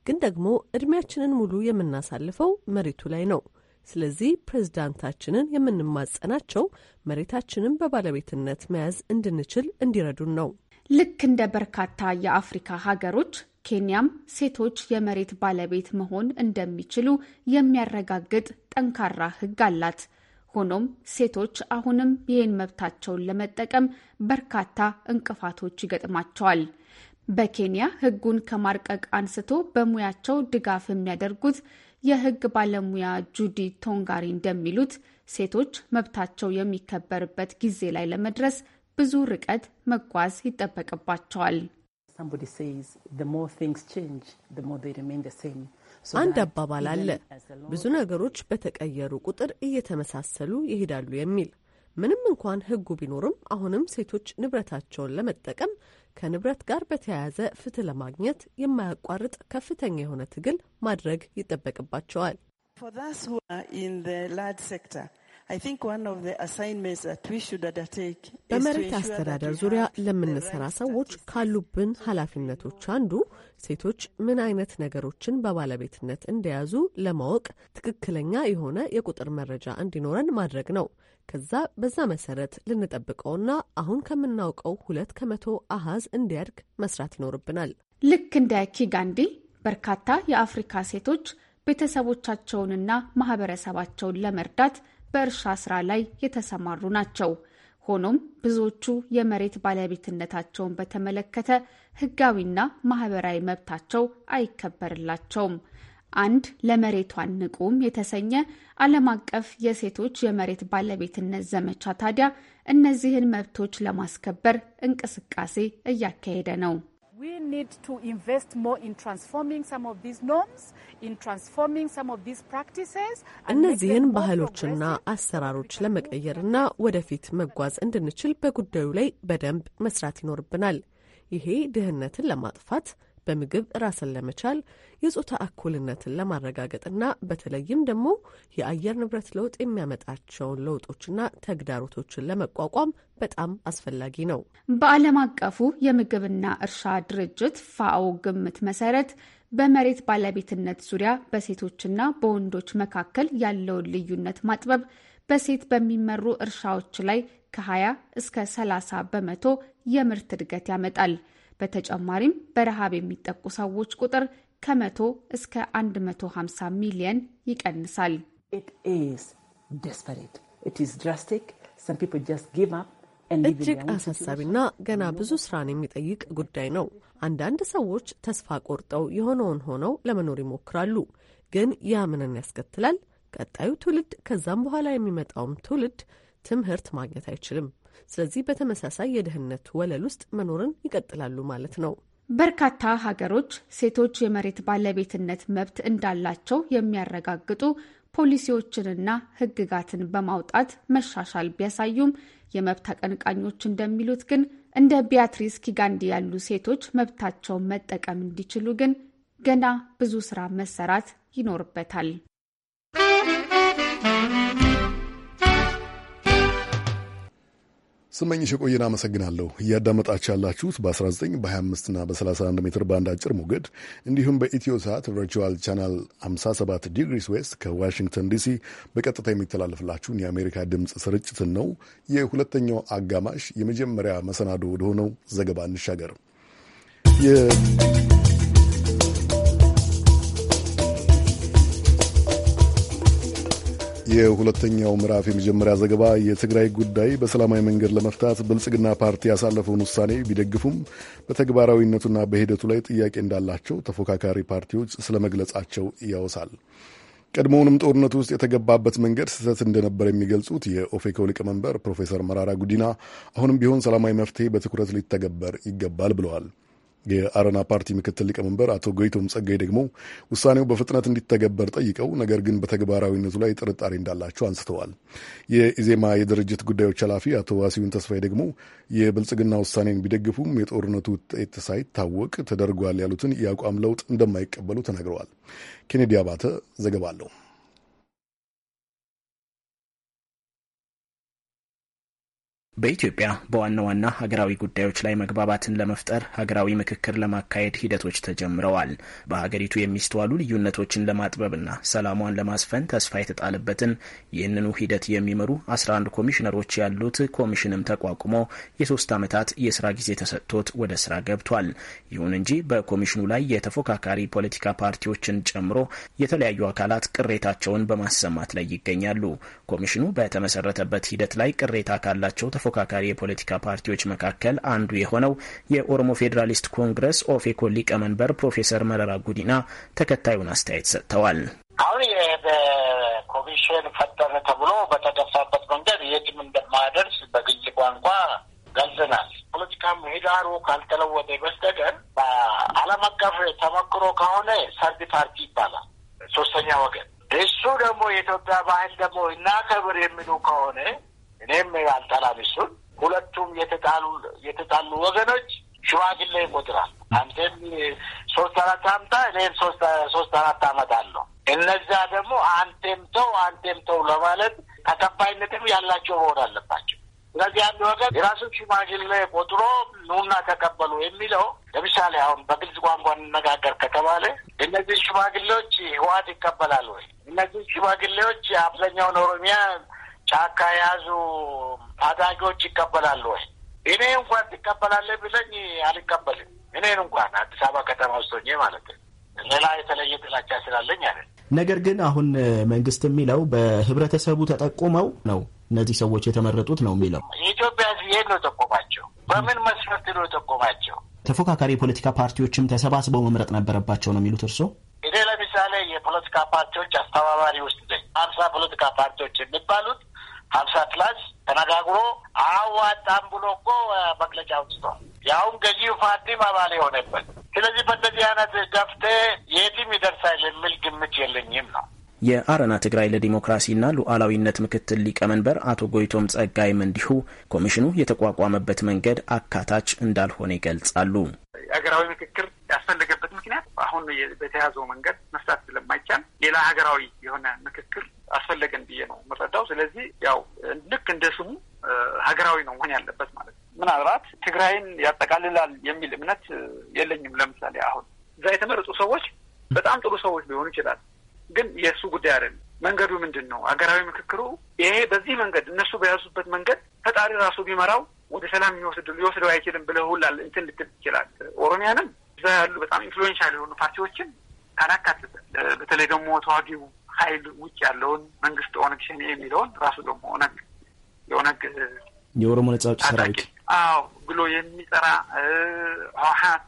Speaker 6: ግን ደግሞ እድሜያችንን ሙሉ የምናሳልፈው መሬቱ ላይ ነው። ስለዚህ ፕሬዝዳንታችንን የምንማጸናቸው መሬታችንን
Speaker 15: በባለቤትነት መያዝ እንድንችል እንዲረዱን ነው። ልክ እንደ በርካታ የአፍሪካ ሀገሮች ኬንያም ሴቶች የመሬት ባለቤት መሆን እንደሚችሉ የሚያረጋግጥ ጠንካራ ሕግ አላት። ሆኖም ሴቶች አሁንም ይህን መብታቸውን ለመጠቀም በርካታ እንቅፋቶች ይገጥማቸዋል። በኬንያ ሕጉን ከማርቀቅ አንስቶ በሙያቸው ድጋፍ የሚያደርጉት የሕግ ባለሙያ ጁዲ ቶንጋሪ እንደሚሉት ሴቶች መብታቸው የሚከበርበት ጊዜ ላይ ለመድረስ ብዙ ርቀት መጓዝ ይጠበቅባቸዋል። አንድ አባባል አለ፣ ብዙ
Speaker 6: ነገሮች በተቀየሩ ቁጥር እየተመሳሰሉ ይሄዳሉ የሚል። ምንም እንኳን ሕጉ ቢኖርም አሁንም ሴቶች ንብረታቸውን ለመጠቀም ከንብረት ጋር በተያያዘ ፍትህ ለማግኘት የማያቋርጥ ከፍተኛ የሆነ ትግል ማድረግ ይጠበቅባቸዋል።
Speaker 2: በመሬት አስተዳደር
Speaker 6: ዙሪያ ለምንሰራ ሰዎች ካሉብን ኃላፊነቶች አንዱ ሴቶች ምን አይነት ነገሮችን በባለቤትነት እንደያዙ ለማወቅ ትክክለኛ የሆነ የቁጥር መረጃ እንዲኖረን ማድረግ ነው። ከዛ በዛ መሰረት ልንጠብቀውና አሁን ከምናውቀው ሁለት ከመቶ አሃዝ እንዲያድግ መስራት ይኖርብናል።
Speaker 15: ልክ እንደ ኪጋንዲ በርካታ የአፍሪካ ሴቶች ቤተሰቦቻቸውንና ማህበረሰባቸውን ለመርዳት በእርሻ ስራ ላይ የተሰማሩ ናቸው። ሆኖም ብዙዎቹ የመሬት ባለቤትነታቸውን በተመለከተ ህጋዊና ማህበራዊ መብታቸው አይከበርላቸውም። አንድ ለመሬቷ ንቁም የተሰኘ ዓለም አቀፍ የሴቶች የመሬት ባለቤትነት ዘመቻ ታዲያ እነዚህን መብቶች ለማስከበር እንቅስቃሴ እያካሄደ ነው። We need to invest more in transforming some of these norms, in transforming some of these practices.
Speaker 6: እነዚህን ባህሎችና አሰራሮች ለመቀየርና ወደፊት መጓዝ እንድንችል በጉዳዩ ላይ በደንብ መስራት ይኖርብናል። ይሄ ድህነትን ለማጥፋት በምግብ ራስን ለመቻል የጾታ እኩልነትን ለማረጋገጥና በተለይም ደግሞ የአየር ንብረት ለውጥ የሚያመጣቸውን ለውጦችና ተግዳሮቶችን ለመቋቋም
Speaker 15: በጣም አስፈላጊ ነው። በዓለም አቀፉ የምግብና እርሻ ድርጅት ፋኦ ግምት መሰረት በመሬት ባለቤትነት ዙሪያ በሴቶችና በወንዶች መካከል ያለውን ልዩነት ማጥበብ በሴት በሚመሩ እርሻዎች ላይ ከ20 እስከ 30 በመቶ የምርት እድገት ያመጣል። በተጨማሪም በረሃብ የሚጠቁ ሰዎች ቁጥር ከመቶ እስከ 150 ሚሊየን ይቀንሳል።
Speaker 6: እጅግ አሳሳቢና ገና ብዙ ስራን የሚጠይቅ ጉዳይ ነው። አንዳንድ ሰዎች ተስፋ ቆርጠው የሆነውን ሆነው ለመኖር ይሞክራሉ። ግን ያ ምንን ያስከትላል? ቀጣዩ ትውልድ ከዛም በኋላ የሚመጣውም ትውልድ ትምህርት ማግኘት አይችልም።
Speaker 15: ስለዚህ በተመሳሳይ የደህንነት ወለል ውስጥ መኖርን ይቀጥላሉ ማለት ነው። በርካታ ሀገሮች ሴቶች የመሬት ባለቤትነት መብት እንዳላቸው የሚያረጋግጡ ፖሊሲዎችንና ሕግጋትን በማውጣት መሻሻል ቢያሳዩም የመብት አቀንቃኞች እንደሚሉት ግን እንደ ቢያትሪስ ኪጋንዲ ያሉ ሴቶች መብታቸውን መጠቀም እንዲችሉ ግን ገና ብዙ ስራ መሰራት ይኖርበታል።
Speaker 1: ስመኝሽ የቆየን አመሰግናለሁ። እያዳመጣችሁ ያላችሁት በ19 በ25ና በ31 ሜትር ባንድ አጭር ሞገድ እንዲሁም በኢትዮ ሰዓት ቨርቹዋል ቻናል 57 ዲግሪስ ዌስት ከዋሽንግተን ዲሲ በቀጥታ የሚተላለፍላችሁን የአሜሪካ ድምፅ ስርጭትን ነው። የሁለተኛው አጋማሽ የመጀመሪያ መሰናዶ ወደሆነው ዘገባ እንሻገር። የሁለተኛው ምዕራፍ የመጀመሪያ ዘገባ የትግራይ ጉዳይ በሰላማዊ መንገድ ለመፍታት ብልጽግና ፓርቲ ያሳለፈውን ውሳኔ ቢደግፉም በተግባራዊነቱና በሂደቱ ላይ ጥያቄ እንዳላቸው ተፎካካሪ ፓርቲዎች ስለ መግለጻቸው ያወሳል። ቀድሞውንም ጦርነት ውስጥ የተገባበት መንገድ ስህተት እንደነበር የሚገልጹት የኦፌኮ ሊቀመንበር ፕሮፌሰር መራራ ጉዲና አሁንም ቢሆን ሰላማዊ መፍትሄ በትኩረት ሊተገበር ይገባል ብለዋል። የአረና ፓርቲ ምክትል ሊቀመንበር አቶ ጎይቶም ጸጋይ ደግሞ ውሳኔው በፍጥነት እንዲተገበር ጠይቀው ነገር ግን በተግባራዊነቱ ላይ ጥርጣሬ እንዳላቸው አንስተዋል። የኢዜማ የድርጅት ጉዳዮች ኃላፊ አቶ ዋሲዩን ተስፋዬ ደግሞ የብልጽግና ውሳኔን ቢደግፉም የጦርነቱ ውጤት ሳይታወቅ ተደርጓል ያሉትን የአቋም ለውጥ እንደማይቀበሉ ተናግረዋል። ኬኔዲ አባተ ዘገባ አለው።
Speaker 2: በኢትዮጵያ በዋና ዋና ሀገራዊ ጉዳዮች ላይ መግባባትን ለመፍጠር ሀገራዊ ምክክር ለማካሄድ ሂደቶች ተጀምረዋል። በሀገሪቱ የሚስተዋሉ ልዩነቶችን ለማጥበብና ሰላሟን ለማስፈን ተስፋ የተጣለበትን ይህንኑ ሂደት የሚመሩ 11 ኮሚሽነሮች ያሉት ኮሚሽንም ተቋቁሞ የሶስት ዓመታት የስራ ጊዜ ተሰጥቶት ወደ ስራ ገብቷል። ይሁን እንጂ በኮሚሽኑ ላይ የተፎካካሪ ፖለቲካ ፓርቲዎችን ጨምሮ የተለያዩ አካላት ቅሬታቸውን በማሰማት ላይ ይገኛሉ። ኮሚሽኑ በተመሰረተበት ሂደት ላይ ቅሬታ ካላቸው ተፎካካሪ የፖለቲካ ፓርቲዎች መካከል አንዱ የሆነው የኦሮሞ ፌዴራሊስት ኮንግረስ ኦፌኮ ሊቀመንበር ፕሮፌሰር መረራ ጉዲና ተከታዩን አስተያየት ሰጥተዋል።
Speaker 7: አሁን ኮሚሽን ፈጠረ ተብሎ በተደፋበት መንገድ የትም እንደማያደርስ በግልጽ ቋንቋ ገልጽናል። ፖለቲካ ምህዳሩ ካልተለወጠ በስተቀር በዓለም አቀፍ ተሞክሮ ከሆነ ሰርድ ፓርቲ ይባላል፣ ሶስተኛ ወገን። እሱ ደግሞ የኢትዮጵያ ባህል ደግሞ እናከብር የሚሉ ከሆነ እኔም አልጠላም እሱን። ሁለቱም የተጣሉ የተጣሉ ወገኖች ሽማግሌ ይቆጥራል። አንተም ሶስት አራት አምጣ እኔም ሶስት አራት አመጣለሁ። እነዛ ደግሞ አንቴም ተው አንቴም ተው ለማለት ተቀባይነትም ያላቸው መሆን አለባቸው። ስለዚህ አንድ ወገን የራሱን ሽማግሌ ቆጥሮ ኑና ተቀበሉ የሚለው ለምሳሌ አሁን በግልጽ ቋንቋ እንነጋገር ከተባለ እነዚህ ሽማግሌዎች ህወሓት ይቀበላል ወይ? እነዚህ ሽማግሌዎች አብዛኛውን ኦሮሚያ ጫካ የያዙ ታጣቂዎች ይቀበላሉ ወይ? እኔ እንኳን ትቀበላለህ ብለኝ አልቀበልም። እኔን እንኳን አዲስ አበባ ከተማ ውስጥ ሆኜ ማለት ሌላ የተለየ ጥላቻ
Speaker 2: ስላለኝ አለ። ነገር ግን አሁን መንግስት የሚለው በህብረተሰቡ ተጠቁመው ነው እነዚህ ሰዎች የተመረጡት ነው የሚለው።
Speaker 7: የኢትዮጵያ ህዝብ ይሄን ነው የጠቆማቸው። በምን መስፈርት ነው የጠቆማቸው?
Speaker 2: ተፎካካሪ የፖለቲካ ፓርቲዎችም ተሰባስበው መምረጥ ነበረባቸው ነው የሚሉት እርስዎ?
Speaker 7: እኔ ለምሳሌ የፖለቲካ ፓርቲዎች አስተባባሪ ውስጥ ነኝ። አምሳ ፖለቲካ ፓርቲዎች የሚባሉት ሀምሳ ፕላስ ተነጋግሮ አዋጣም ብሎ እኮ መግለጫ አውጥቷል። ያውም ገዢው ፓርቲም አባል የሆነበት። ስለዚህ በእንደዚህ አይነት ገፍቴ የትም ይደርሳል የሚል ግምት የለኝም ነው።
Speaker 2: የአረና ትግራይ ለዲሞክራሲና ሉዓላዊነት ምክትል ሊቀመንበር አቶ ጎይቶም ጸጋይም እንዲሁ ኮሚሽኑ የተቋቋመበት መንገድ አካታች እንዳልሆነ ይገልጻሉ።
Speaker 8: ሀገራዊ ምክክር ያስፈለገበት ምክንያት አሁን በተያዘው መንገድ መስራት ስለማይቻል ሌላ ሀገራዊ የሆነ ምክክር አስፈለገን ብዬ ነው የምረዳው። ስለዚህ ያው ልክ እንደ ስሙ ሀገራዊ ነው መሆን ያለበት ማለት ነው። ምናልባት ትግራይን ያጠቃልላል የሚል እምነት የለኝም። ለምሳሌ አሁን እዛ የተመረጡ ሰዎች በጣም ጥሩ ሰዎች ሊሆኑ ይችላል፣ ግን የእሱ ጉዳይ አይደለም። መንገዱ ምንድን ነው? ሀገራዊ ምክክሩ ይሄ በዚህ መንገድ እነሱ በያዙበት መንገድ ፈጣሪ ራሱ ቢመራው ወደ ሰላም የሚወስድ ሊወስደው አይችልም ብለህ ሁላ እንትን ልትል ይችላል። ኦሮሚያንም እዛ ያሉ በጣም ኢንፍሉዌንሻል የሆኑ ፓርቲዎችን ካላካተተ በተለይ ደግሞ ተዋጊው ኃይል ውጭ ያለውን መንግስት ኦነግ ሸኔ የሚለውን ራሱ ደግሞ ኦነግ የኦነግ የኦሮሞ ነጻዎች ሰራዊት
Speaker 7: አዎ ብሎ የሚጠራ ህወሀት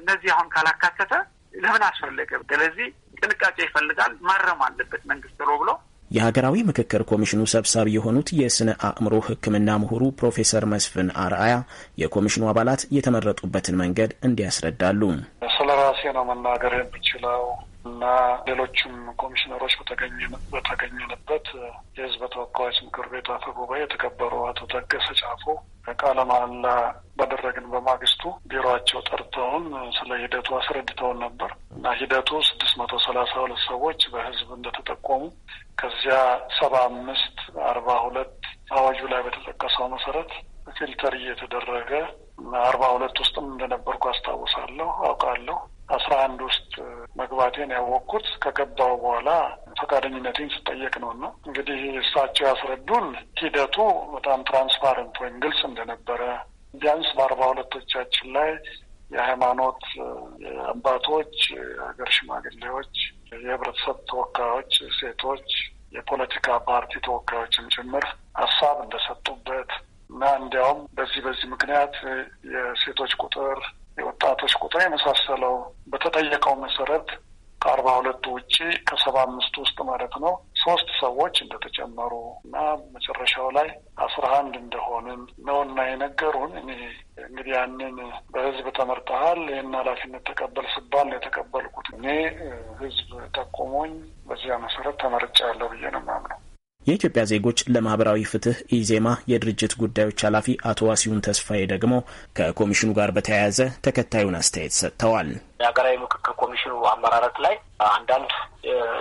Speaker 7: እነዚህ አሁን ካላካተተ ለምን አስፈለገ? ስለዚህ ጥንቃቄ ይፈልጋል። ማረም አለበት መንግስት ሮ ብሎ
Speaker 2: የሀገራዊ ምክክር ኮሚሽኑ ሰብሳቢ የሆኑት የስነ አእምሮ ሕክምና ምሁሩ ፕሮፌሰር መስፍን አርአያ የኮሚሽኑ አባላት የተመረጡበትን መንገድ እንዲያስረዳሉ።
Speaker 8: ስለ ራሴ ነው መናገር የምችለው እና ሌሎችም ኮሚሽነሮች በተገኘንበት የህዝብ ተወካዮች ምክር ቤት አፈ ጉባኤ የተከበሩ አቶ ተገሰ ጫፎ ቃለ መሃላ ባደረግን በማግስቱ ቢሮቸው ጠርተውን ስለ ሂደቱ አስረድተውን ነበር እና ሂደቱ ስድስት መቶ ሰላሳ ሁለት ሰዎች በህዝብ እንደተጠቆሙ ከዚያ ሰባ አምስት አርባ ሁለት አዋጁ ላይ በተጠቀሰው መሰረት ፊልተር እየተደረገ አርባ ሁለት ውስጥም እንደነበርኩ አስታውሳለሁ አውቃለሁ። አስራ አንድ ውስጥ መግባቴን ያወቅኩት ከገባው በኋላ ፈቃደኝነቴን ስጠየቅ ነው። እና እንግዲህ እሳቸው ያስረዱን ሂደቱ በጣም ትራንስፓረንት ወይም ግልጽ እንደነበረ ቢያንስ በአርባ ሁለቶቻችን ላይ የሃይማኖት አባቶች፣ የሀገር ሽማግሌዎች፣ የህብረተሰብ ተወካዮች፣ ሴቶች፣ የፖለቲካ ፓርቲ ተወካዮችም ጭምር ሀሳብ እንደሰጡበት እና እንዲያውም በዚህ በዚህ ምክንያት የሴቶች ቁጥር የወጣቶች ቁጥር የመሳሰለው በተጠየቀው መሰረት ከአርባ ሁለቱ ውጭ ከሰባ አምስቱ ውስጥ ማለት ነው ሶስት ሰዎች እንደተጨመሩ እና መጨረሻው ላይ አስራ አንድ እንደሆንን ነውና የነገሩን። እኔ እንግዲህ ያንን በህዝብ ተመርጠሃል፣ ይህን ኃላፊነት ተቀበል ስባል ነው የተቀበልኩት። እኔ ህዝብ ጠቁሞኝ በዚያ መሰረት ተመርጫ ያለው ብዬ ነው የማምነው።
Speaker 2: የኢትዮጵያ ዜጎች ለማህበራዊ ፍትህ ኢዜማ የድርጅት ጉዳዮች ኃላፊ አቶ ዋሲሁን ተስፋዬ ደግሞ ከኮሚሽኑ ጋር በተያያዘ ተከታዩን አስተያየት ሰጥተዋል።
Speaker 7: የሀገራዊ ምክክር ኮሚሽኑ አመራረት ላይ አንዳንድ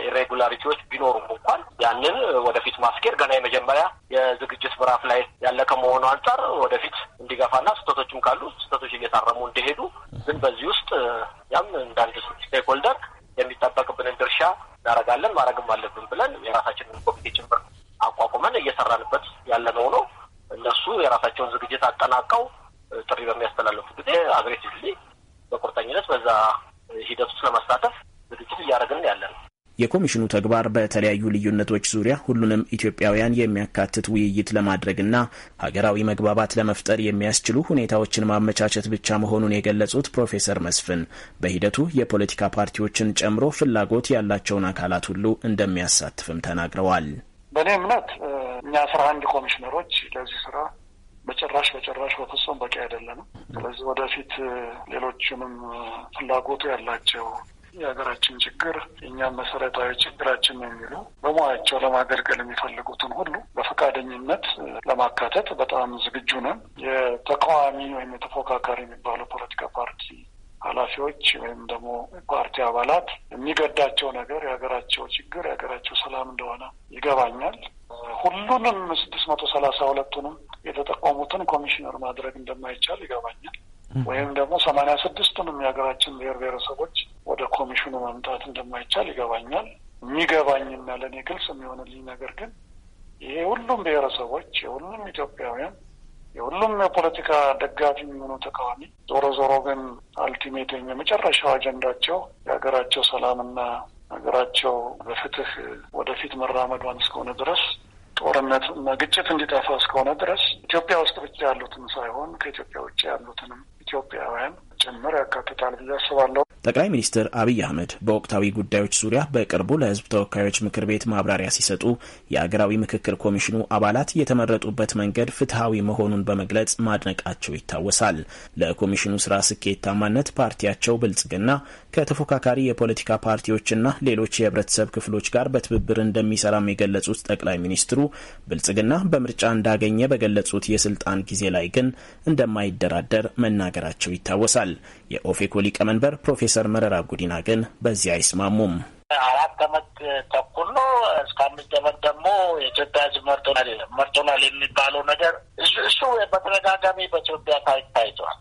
Speaker 7: ኢሬጉላሪቲዎች ቢኖሩም እንኳን ያንን ወደፊት ማስኬድ ገና የመጀመሪያ የዝግጅት ምዕራፍ ላይ ያለ ከመሆኑ አንጻር ወደፊት እንዲገፋና ስህተቶችም ካሉ ስህተቶች እየታረሙ እንዲሄዱ ግን በዚህ ውስጥ ያም እንዳንድ ስቴክሆልደር የሚጠበቅብንን ድርሻ እናደርጋለን ማድረግም አለብን ብለን የራሳችንን ኮሚቴ ጭምር አቋቁመን እየሰራንበት ያለነው ነው። እነሱ የራሳቸውን ዝግጅት አጠናቀው ጥሪ በሚያስተላልፉ ጊዜ አግሬሲቭሊ በቁርጠኝነት በዛ ሂደት ውስጥ ለመሳተፍ ዝግጅት እያደረግን
Speaker 2: ያለ ነው። የኮሚሽኑ ተግባር በተለያዩ ልዩነቶች ዙሪያ ሁሉንም ኢትዮጵያውያን የሚያካትት ውይይት ለማድረግና ሀገራዊ መግባባት ለመፍጠር የሚያስችሉ ሁኔታዎችን ማመቻቸት ብቻ መሆኑን የገለጹት ፕሮፌሰር መስፍን በሂደቱ የፖለቲካ ፓርቲዎችን ጨምሮ ፍላጎት ያላቸውን አካላት ሁሉ እንደሚያሳትፍም ተናግረዋል።
Speaker 8: በእኔ እምነት እኛ አስራ አንድ ኮሚሽነሮች ለዚህ ስራ በጭራሽ በጭራሽ በፍጹም በቂ አይደለንም። ስለዚህ ወደፊት ሌሎችንም ፍላጎቱ ያላቸው የሀገራችን ችግር የእኛም መሰረታዊ ችግራችን የሚሉ በሙያቸው ለማገልገል የሚፈልጉትን ሁሉ በፈቃደኝነት ለማካተት በጣም ዝግጁ ነን። የተቃዋሚ ወይም የተፎካካሪ የሚባሉ ፖለቲካ ፓርቲ ኃላፊዎች ወይም ደግሞ ፓርቲ አባላት የሚገዳቸው ነገር የሀገራቸው ችግር የሀገራቸው ሰላም እንደሆነ ይገባኛል። ሁሉንም ስድስት መቶ ሰላሳ ሁለቱንም የተጠቆሙትን ኮሚሽነር ማድረግ እንደማይቻል ይገባኛል። ወይም ደግሞ ሰማንያ ስድስቱንም የሀገራችን ብሔር ብሔረሰቦች ወደ ኮሚሽኑ መምጣት እንደማይቻል ይገባኛል። የሚገባኝና ለእኔ ግልጽ የሚሆንልኝ ነገር ግን ይሄ ሁሉም ብሔረሰቦች የሁሉም ኢትዮጵያውያን የሁሉም የፖለቲካ ደጋፊ የሚሆኑ ተቃዋሚ ዞሮ ዞሮ ግን አልቲሜት የመጨረሻው አጀንዳቸው የሀገራቸው ሰላምና ሀገራቸው በፍትህ ወደፊት መራመዷን እስከሆነ ድረስ ጦርነት እና ግጭት እንዲጠፋ እስከሆነ ድረስ ኢትዮጵያ ውስጥ ብቻ ያሉትን ሳይሆን ከኢትዮጵያ ውጭ ያሉትንም ኢትዮጵያውያን ጭምር ያካትታል ብዬ አስባለሁ።
Speaker 2: ጠቅላይ ሚኒስትር አብይ አህመድ በወቅታዊ ጉዳዮች ዙሪያ በቅርቡ ለሕዝብ ተወካዮች ምክር ቤት ማብራሪያ ሲሰጡ የአገራዊ ምክክር ኮሚሽኑ አባላት የተመረጡበት መንገድ ፍትሐዊ መሆኑን በመግለጽ ማድነቃቸው ይታወሳል። ለኮሚሽኑ ስራ ስኬታማነት ፓርቲያቸው ብልጽግና ከተፎካካሪ የፖለቲካ ፓርቲዎችና ሌሎች የህብረተሰብ ክፍሎች ጋር በትብብር እንደሚሰራም የገለጹት ጠቅላይ ሚኒስትሩ ብልጽግና በምርጫ እንዳገኘ በገለጹት የስልጣን ጊዜ ላይ ግን እንደማይደራደር መናገራቸው ይታወሳል። የኦፌኮ ሊቀመንበር ፕሮፌ ፕሮፌሰር መረራ ጉዲና ግን በዚህ አይስማሙም። አራት ዓመት ተኩል ነው። እስከ አምስት ዓመት ደግሞ የኢትዮጵያ
Speaker 7: ህዝብ መርጦናል መርጦናል የሚባለው ነገር እሱ በተደጋጋሚ በኢትዮጵያ ታሪክ ታይቷል።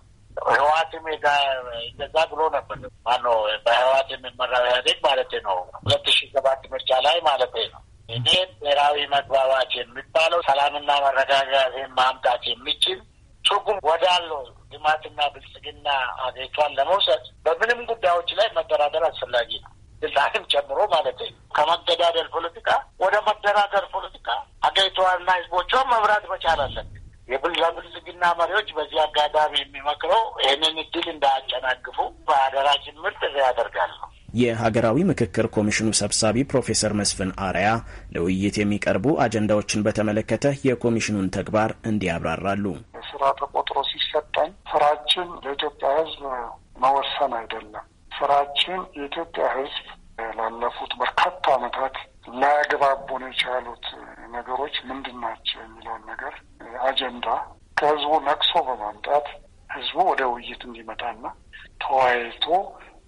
Speaker 7: ህወሓትም እንደዛ ብሎ ነበር። ማነው በህወሓት የሚመራው ኢህአዴግ ማለት ነው። ሁለት ሺ ሰባት ምርጫ ላይ ማለት ነው። እኔ ብሔራዊ መግባባት የሚባለው ሰላምና መረጋጋት ማምጣት የሚችል ትርጉም ወዳለው ልማትና ብልጽግና አገሪቷን ለመውሰድ በምንም ጉዳዮች ላይ መደራደር አስፈላጊ ነው። ስልጣንም ጨምሮ ማለት ነው። ከመገዳደል ፖለቲካ ወደ መደራደር ፖለቲካ አገሪቷና ሕዝቦቿን መምራት መቻል አለብን። የብልጽግና መሪዎች በዚህ አጋጣሚ የሚመክረው ይህንን እድል እንዳያጨናግፉ በአደራ ጭምር ያደርጋሉ።
Speaker 2: የሀገራዊ ምክክር ኮሚሽኑ ሰብሳቢ ፕሮፌሰር መስፍን አርያ ለውይይት የሚቀርቡ አጀንዳዎችን በተመለከተ የኮሚሽኑን ተግባር እንዲያብራራሉ።
Speaker 8: ስራ ተቆጥሮ ሲሰጠን ስራችን ለኢትዮጵያ ሕዝብ መወሰን አይደለም። ስራችን የኢትዮጵያ ሕዝብ ላለፉት በርካታ ዓመታት ላያግባቡን የቻሉት ነገሮች ምንድን ናቸው የሚለውን ነገር አጀንዳ ከህዝቡ ነቅሶ በማምጣት ህዝቡ ወደ ውይይት እንዲመጣና ተወያይቶ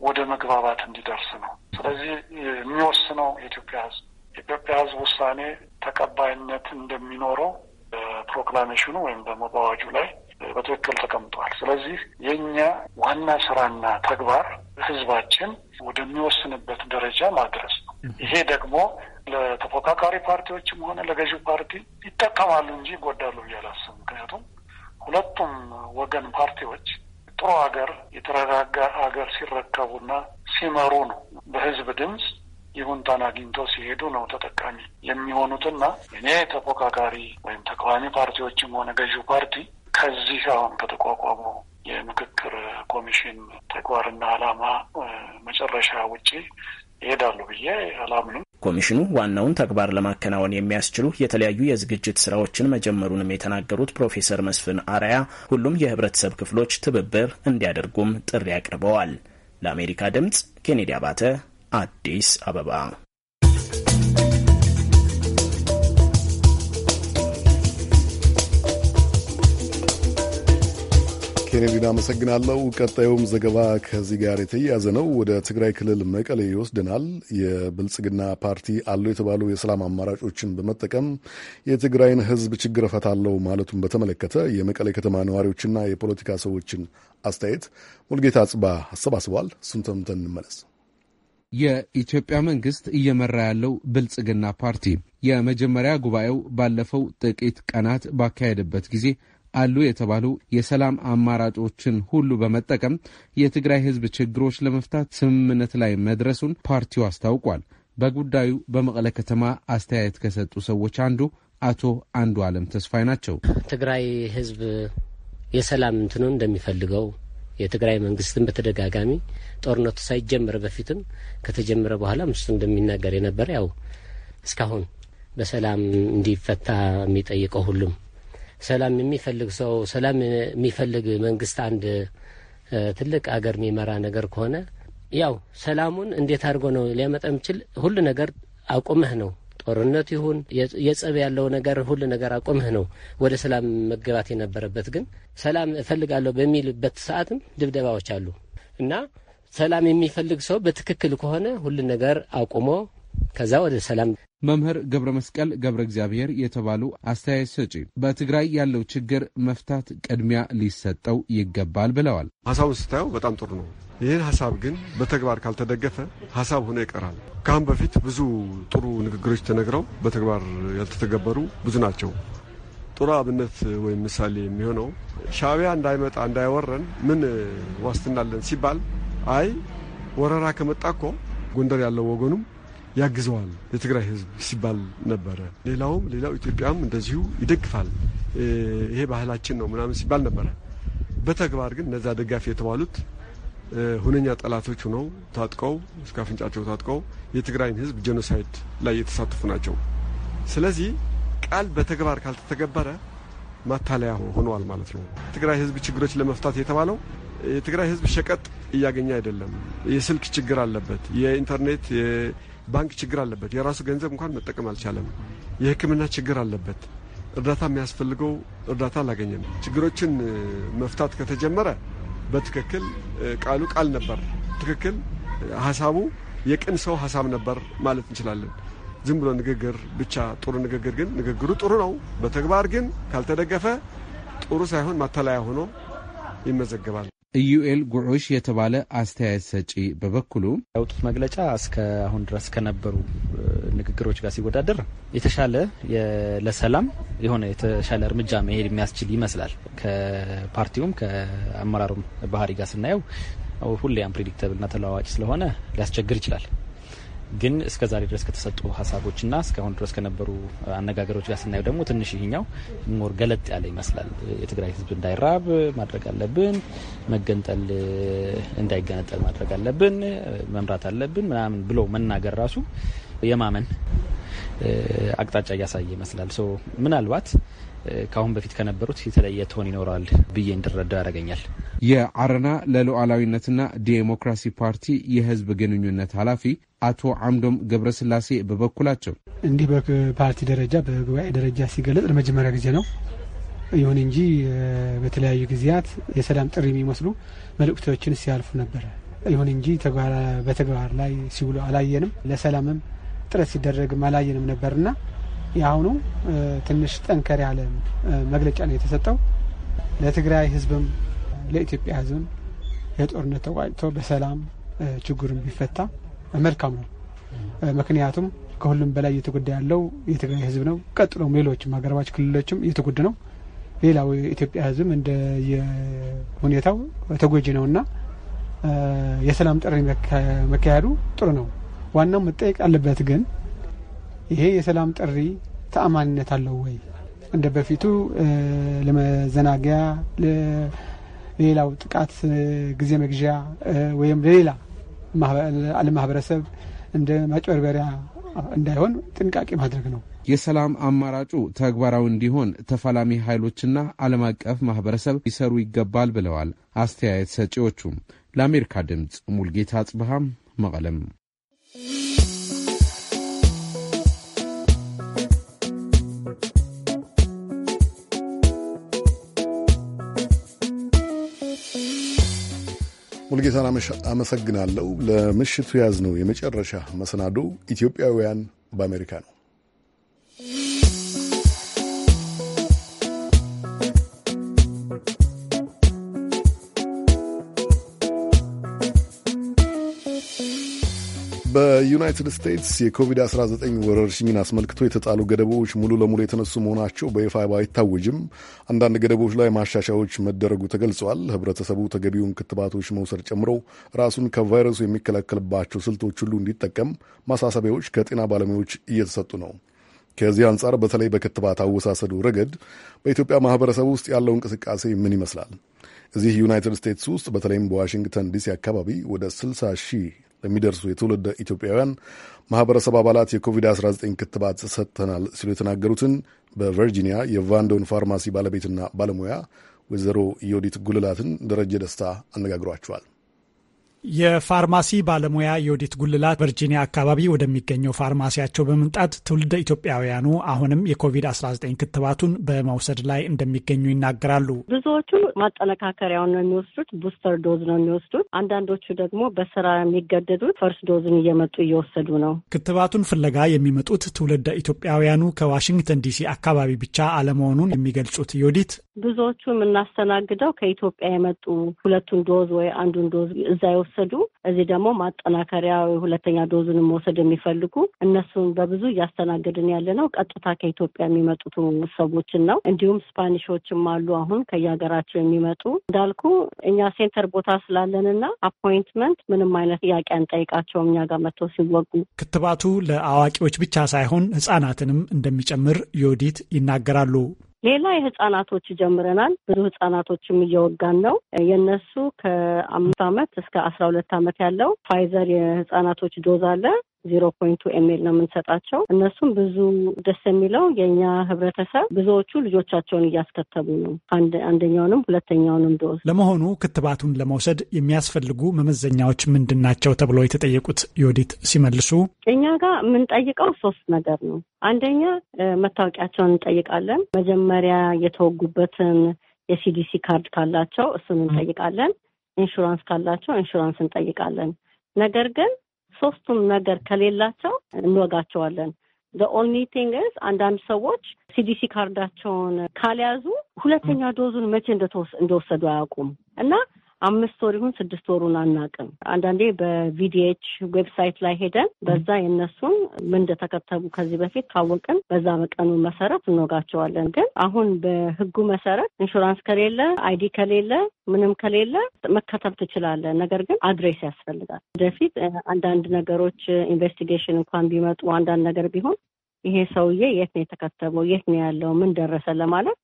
Speaker 8: ወደ መግባባት እንዲደርስ ነው። ስለዚህ የሚወስነው የኢትዮጵያ ህዝብ ኢትዮጵያ ህዝብ ውሳኔ ተቀባይነት እንደሚኖረው በፕሮክላሜሽኑ ወይም ደግሞ በአዋጁ ላይ በትክክል ተቀምጧል። ስለዚህ የእኛ ዋና ስራና ተግባር ህዝባችን ወደሚወስንበት ደረጃ ማድረስ ነው። ይሄ ደግሞ ለተፎካካሪ ፓርቲዎችም ሆነ ለገዢው ፓርቲ ይጠቀማሉ እንጂ ይጎዳሉ ብዬ አላስብም። ምክንያቱም ሁለቱም ወገን ፓርቲዎች ጥሩ ሀገር የተረጋጋ ሀገር ሲረከቡና ሲመሩ ነው በህዝብ ድምፅ ይሁንታን አግኝቶ ሲሄዱ ነው ተጠቃሚ የሚሆኑትና እኔ ተፎካካሪ ወይም ተቃዋሚ ፓርቲዎችም ሆነ ገዢው ፓርቲ ከዚህ አሁን ከተቋቋሙ የምክክር ኮሚሽን ተግባርና ዓላማ መጨረሻ ውጪ ይሄዳሉ ብዬ አላምንም።
Speaker 2: ኮሚሽኑ ዋናውን ተግባር ለማከናወን የሚያስችሉ የተለያዩ የዝግጅት ስራዎችን መጀመሩንም የተናገሩት ፕሮፌሰር መስፍን አርያ ሁሉም የህብረተሰብ ክፍሎች ትብብር እንዲያደርጉም ጥሪ አቅርበዋል። ለአሜሪካ ድምጽ ኬኔዲ አባተ አዲስ አበባ።
Speaker 1: ኬኔዲን አመሰግናለሁ። ቀጣዩም ዘገባ ከዚህ ጋር የተያያዘ ነው። ወደ ትግራይ ክልል መቀሌ ይወስደናል። የብልጽግና ፓርቲ አሉ የተባሉ የሰላም አማራጮችን በመጠቀም የትግራይን ሕዝብ ችግር እፈታለሁ ማለቱን በተመለከተ የመቀሌ ከተማ ነዋሪዎችና የፖለቲካ ሰዎችን አስተያየት ሙልጌታ ጽባ አሰባስቧል። እሱን ተምተን እንመለስ።
Speaker 13: የኢትዮጵያ መንግስት እየመራ ያለው ብልጽግና ፓርቲ የመጀመሪያ ጉባኤው ባለፈው ጥቂት ቀናት ባካሄደበት ጊዜ አሉ የተባሉ የሰላም አማራጮችን ሁሉ በመጠቀም የትግራይ ህዝብ ችግሮች ለመፍታት ስምምነት ላይ መድረሱን ፓርቲው አስታውቋል። በጉዳዩ በመቀለ ከተማ አስተያየት ከሰጡ ሰዎች አንዱ አቶ አንዱ አለም ተስፋይ ናቸው።
Speaker 10: ትግራይ ህዝብ የሰላም እንትኑ እንደሚፈልገው የትግራይ መንግስትን በተደጋጋሚ ጦርነቱ ሳይጀመር በፊትም ከተጀመረ በኋላ ምስ እንደሚናገር የነበረ ያው እስካሁን በሰላም እንዲፈታ የሚጠይቀው ሁሉም ሰላም የሚፈልግ ሰው ሰላም የሚፈልግ መንግስት አንድ ትልቅ አገር የሚመራ ነገር ከሆነ ያው ሰላሙን እንዴት አድርጎ ነው ሊያመጣ የሚችል ሁሉ ነገር አቁመህ ነው ጦርነት ይሁን የጸብ ያለው ነገር ሁሉ ነገር አቆምህ ነው ወደ ሰላም መገባት የነበረበት። ግን ሰላም እፈልጋለሁ በሚልበት ሰዓትም ድብደባዎች አሉ እና ሰላም የሚፈልግ ሰው በትክክል ከሆነ ሁሉ ነገር አቁሞ ከዛ ወደ ሰላም
Speaker 13: መምህር ገብረ መስቀል ገብረ እግዚአብሔር የተባሉ አስተያየት ሰጪ በትግራይ ያለው ችግር መፍታት ቅድሚያ ሊሰጠው ይገባል ብለዋል።
Speaker 14: ሀሳቡን ስታየው በጣም ጥሩ ነው። ይህን ሀሳብ ግን በተግባር ካልተደገፈ ሀሳብ ሆኖ ይቀራል። ከአሁን በፊት ብዙ ጥሩ ንግግሮች ተነግረው በተግባር ያልተተገበሩ ብዙ ናቸው። ጥሩ አብነት ወይም ምሳሌ የሚሆነው ሻቢያ እንዳይመጣ እንዳይወረን ምን ዋስትናለን ሲባል አይ ወረራ ከመጣ እኮ ጎንደር ያለው ወገኑም ያግዘዋል የትግራይ ህዝብ ሲባል ነበረ። ሌላውም ሌላው ኢትዮጵያም እንደዚሁ ይደግፋል፣ ይሄ ባህላችን ነው ምናምን ሲባል ነበረ። በተግባር ግን እነዛ ደጋፊ የተባሉት ሁነኛ ጠላቶች ሆነው ታጥቀው እስከ አፍንጫቸው ታጥቀው የትግራይን ህዝብ ጄኖሳይድ ላይ የተሳተፉ ናቸው። ስለዚህ ቃል በተግባር ካልተተገበረ ማታለያ ሆነዋል ማለት ነው። ትግራይ ህዝብ ችግሮች ለመፍታት የተባለው የትግራይ ህዝብ ሸቀጥ እያገኘ አይደለም። የስልክ ችግር አለበት። የኢንተርኔት ባንክ ችግር አለበት። የራሱ ገንዘብ እንኳን መጠቀም አልቻለም። የሕክምና ችግር አለበት። እርዳታ የሚያስፈልገው እርዳታ አላገኘም። ችግሮችን መፍታት ከተጀመረ በትክክል ቃሉ ቃል ነበር፣ ትክክል ሀሳቡ የቅን ሰው ሀሳብ ነበር ማለት እንችላለን። ዝም ብሎ ንግግር ብቻ ጥሩ ንግግር ግን ንግግሩ ጥሩ ነው፣ በተግባር ግን ካልተደገፈ ጥሩ ሳይሆን ማተላያ ሆኖ ይመዘገባል።
Speaker 13: ኢዩኤል ጉዑሽ የተባለ አስተያየት ሰጪ በበኩሉ
Speaker 2: ያወጡት መግለጫ እስከ አሁን ድረስ ከነበሩ ንግግሮች ጋር ሲወዳደር የተሻለ ለሰላም የሆነ የተሻለ እርምጃ መሄድ የሚያስችል ይመስላል። ከፓርቲውም ከአመራሩም ባህሪ ጋር ስናየው ሁሌ አንፕሪዲክተብልና ተለዋዋጭ ስለሆነ ሊያስቸግር ይችላል። ግን እስከ ዛሬ ድረስ ከተሰጡ ሀሳቦች ና እስካሁን ድረስ ከነበሩ አነጋገሮች ጋር ስናየው ደግሞ ትንሽ ይህኛው ሞር ገለጥ ያለ ይመስላል። የትግራይ ህዝብ እንዳይራብ ማድረግ አለብን፣ መገንጠል እንዳይገነጠል ማድረግ አለብን፣ መምራት አለብን ምናምን ብሎ መናገር ራሱ የማመን አቅጣጫ እያሳየ ይመስላል። ምናልባት ከአሁን በፊት ከነበሩት የተለየ ትሆን ይኖረዋል ብዬ እንድረዳው ያደርገኛል።
Speaker 13: የአረና ለሉዓላዊነትና ዲሞክራሲ ፓርቲ የህዝብ ግንኙነት ኃላፊ አቶ አምዶም ገብረስላሴ በበኩላቸው
Speaker 16: እንዲህ በፓርቲ ደረጃ በጉባኤ ደረጃ ሲገለጽ ለመጀመሪያ ጊዜ ነው። ይሁን እንጂ በተለያዩ ጊዜያት የሰላም ጥሪ የሚመስሉ መልእክቶችን ሲያልፉ ነበረ። ይሁን እንጂ በተግባር ላይ ሲውሉ አላየንም። ለሰላምም ጥረት ሲደረግም አላየንም ነበርና የአሁኑ ትንሽ ጠንከር ያለ መግለጫ ነው የተሰጠው። ለትግራይ ህዝብም ለኢትዮጵያ ህዝብም የጦርነት ተቋጭቶ በሰላም ችግሩን ቢፈታ መልካም ነው። ምክንያቱም ከሁሉም በላይ እየተጎዳ ያለው የትግራይ ህዝብ ነው። ቀጥሎም ሌሎችም ሀገራባች ክልሎችም እየተጎዱ ነው። ሌላው የኢትዮጵያ ህዝብም እንደ ሁኔታው ተጎጂ እና የሰላም ጥሪ መካሄዱ ጥሩ ነው። ዋናው መጠየቅ አለበት ግን ይሄ የሰላም ጥሪ ተአማኒነት አለው ወይ? እንደ በፊቱ ለመዘናጊያ፣ ለሌላው ጥቃት ጊዜ መግዣ ወይም ለሌላ ዓለም ማህበረሰብ እንደ ማጭበርበሪያ እንዳይሆን ጥንቃቄ ማድረግ ነው።
Speaker 13: የሰላም አማራጩ ተግባራዊ እንዲሆን ተፋላሚ ኃይሎችና ዓለም አቀፍ ማህበረሰብ ሊሰሩ ይገባል ብለዋል አስተያየት ሰጪዎቹም። ለአሜሪካ ድምፅ ሙልጌታ አጽብሃም መቀለም
Speaker 1: ሙልጌታን አመሰግናለሁ። ለምሽቱ ያዝነው የመጨረሻ መሰናዶ ኢትዮጵያውያን በአሜሪካ ነው። በዩናይትድ ስቴትስ የኮቪድ-19 ወረርሽኝን አስመልክቶ የተጣሉ ገደቦች ሙሉ ለሙሉ የተነሱ መሆናቸው በይፋ ባይታወጅም አንዳንድ ገደቦች ላይ ማሻሻዎች መደረጉ ተገልጸዋል። ህብረተሰቡ ተገቢውን ክትባቶች መውሰድ ጨምሮ ራሱን ከቫይረሱ የሚከላከልባቸው ስልቶች ሁሉ እንዲጠቀም ማሳሰቢያዎች ከጤና ባለሙያዎች እየተሰጡ ነው። ከዚህ አንጻር በተለይ በክትባት አወሳሰዱ ረገድ በኢትዮጵያ ማህበረሰብ ውስጥ ያለው እንቅስቃሴ ምን ይመስላል? እዚህ ዩናይትድ ስቴትስ ውስጥ በተለይም በዋሽንግተን ዲሲ አካባቢ ወደ 60 ሺህ ለሚደርሱ የትውልደ ኢትዮጵያውያን ማህበረሰብ አባላት የኮቪድ-19 ክትባት ሰጥተናል ሲሉ የተናገሩትን በቨርጂኒያ የቫንዶን ፋርማሲ ባለቤትና ባለሙያ ወይዘሮ የወዲት ጉልላትን ደረጀ ደስታ አነጋግሯቸዋል።
Speaker 12: የፋርማሲ ባለሙያ የወዲት ጉልላት ቨርጂኒያ አካባቢ ወደሚገኘው ፋርማሲያቸው በመምጣት ትውልደ ኢትዮጵያውያኑ አሁንም የኮቪድ-19 ክትባቱን በመውሰድ ላይ እንደሚገኙ ይናገራሉ።
Speaker 17: ብዙዎቹ ማጠነካከሪያውን ነው የሚወስዱት፣ ቡስተር ዶዝ ነው የሚወስዱት። አንዳንዶቹ ደግሞ በስራ የሚገደዱት ፈርስት ዶዝን እየመጡ እየወሰዱ ነው።
Speaker 12: ክትባቱን ፍለጋ የሚመጡት ትውልደ ኢትዮጵያውያኑ ከዋሽንግተን ዲሲ አካባቢ ብቻ አለመሆኑን የሚገልጹት የወዲት
Speaker 17: ብዙዎቹ የምናስተናግደው ከኢትዮጵያ የመጡ ሁለቱን ዶዝ ወይ አንዱን ዶዝ እዛ የወሰዱ እዚህ ደግሞ ማጠናከሪያ ወይ ሁለተኛ ዶዙን መውሰድ የሚፈልጉ እነሱን በብዙ እያስተናገድን ያለ ነው። ቀጥታ ከኢትዮጵያ የሚመጡት ሰዎችን ነው። እንዲሁም ስፓኒሾችም አሉ አሁን ከየሀገራቸው የሚመጡ እንዳልኩ እኛ ሴንተር ቦታ ስላለንና አፖይንትመንት ምንም አይነት ጥያቄ አንጠይቃቸውም። እኛ ጋር መጥተው ሲወጉ
Speaker 12: ክትባቱ ለአዋቂዎች ብቻ ሳይሆን ህጻናትንም እንደሚጨምር ዮዲት ይናገራሉ።
Speaker 17: ሌላ የህጻናቶች ጀምረናል። ብዙ ህጻናቶችም እየወጋን ነው። የእነሱ ከአምስት አመት እስከ አስራ ሁለት አመት ያለው ፋይዘር የህጻናቶች ዶዝ አለ። ዜሮ ፖይንት ቱ ኤምኤል ነው የምንሰጣቸው። እነሱም ብዙ ደስ የሚለው የእኛ ህብረተሰብ ብዙዎቹ ልጆቻቸውን እያስከተቡ ነው አንደኛውንም ሁለተኛውንም ዶዝ።
Speaker 12: ለመሆኑ ክትባቱን ለመውሰድ የሚያስፈልጉ መመዘኛዎች ምንድን ናቸው ተብለው የተጠየቁት ዮዲት ሲመልሱ
Speaker 17: እኛ ጋር የምንጠይቀው ሶስት ነገር ነው። አንደኛ መታወቂያቸውን እንጠይቃለን። መጀመሪያ የተወጉበትን የሲዲሲ ካርድ ካላቸው እሱን እንጠይቃለን። ኢንሹራንስ ካላቸው ኢንሹራንስ እንጠይቃለን። ነገር ግን ሶስቱም ነገር ከሌላቸው እንወጋቸዋለን። ኦንሊ ቲንግ ኢዝ አንዳንድ ሰዎች ሲዲሲ ካርዳቸውን ካልያዙ ሁለተኛ ዶዙን መቼ እንደወሰዱ አያውቁም እና አምስት ወር ይሁን ስድስት ወሩን አናውቅም። አንዳንዴ በቪዲኤች ዌብሳይት ላይ ሄደን በዛ የነሱን ምን እንደተከተቡ ከዚህ በፊት ካወቅን በዛ መቀኑ መሰረት እንወጋቸዋለን። ግን አሁን በህጉ መሰረት ኢንሹራንስ ከሌለ አይዲ ከሌለ ምንም ከሌለ መከተብ ትችላለን። ነገር ግን አድሬስ ያስፈልጋል። ወደፊት አንዳንድ ነገሮች ኢንቨስቲጌሽን እንኳን ቢመጡ አንዳንድ ነገር ቢሆን ይሄ ሰውዬ የት ነው የተከተበው? የት ነው ያለው? ምን ደረሰ ለማለት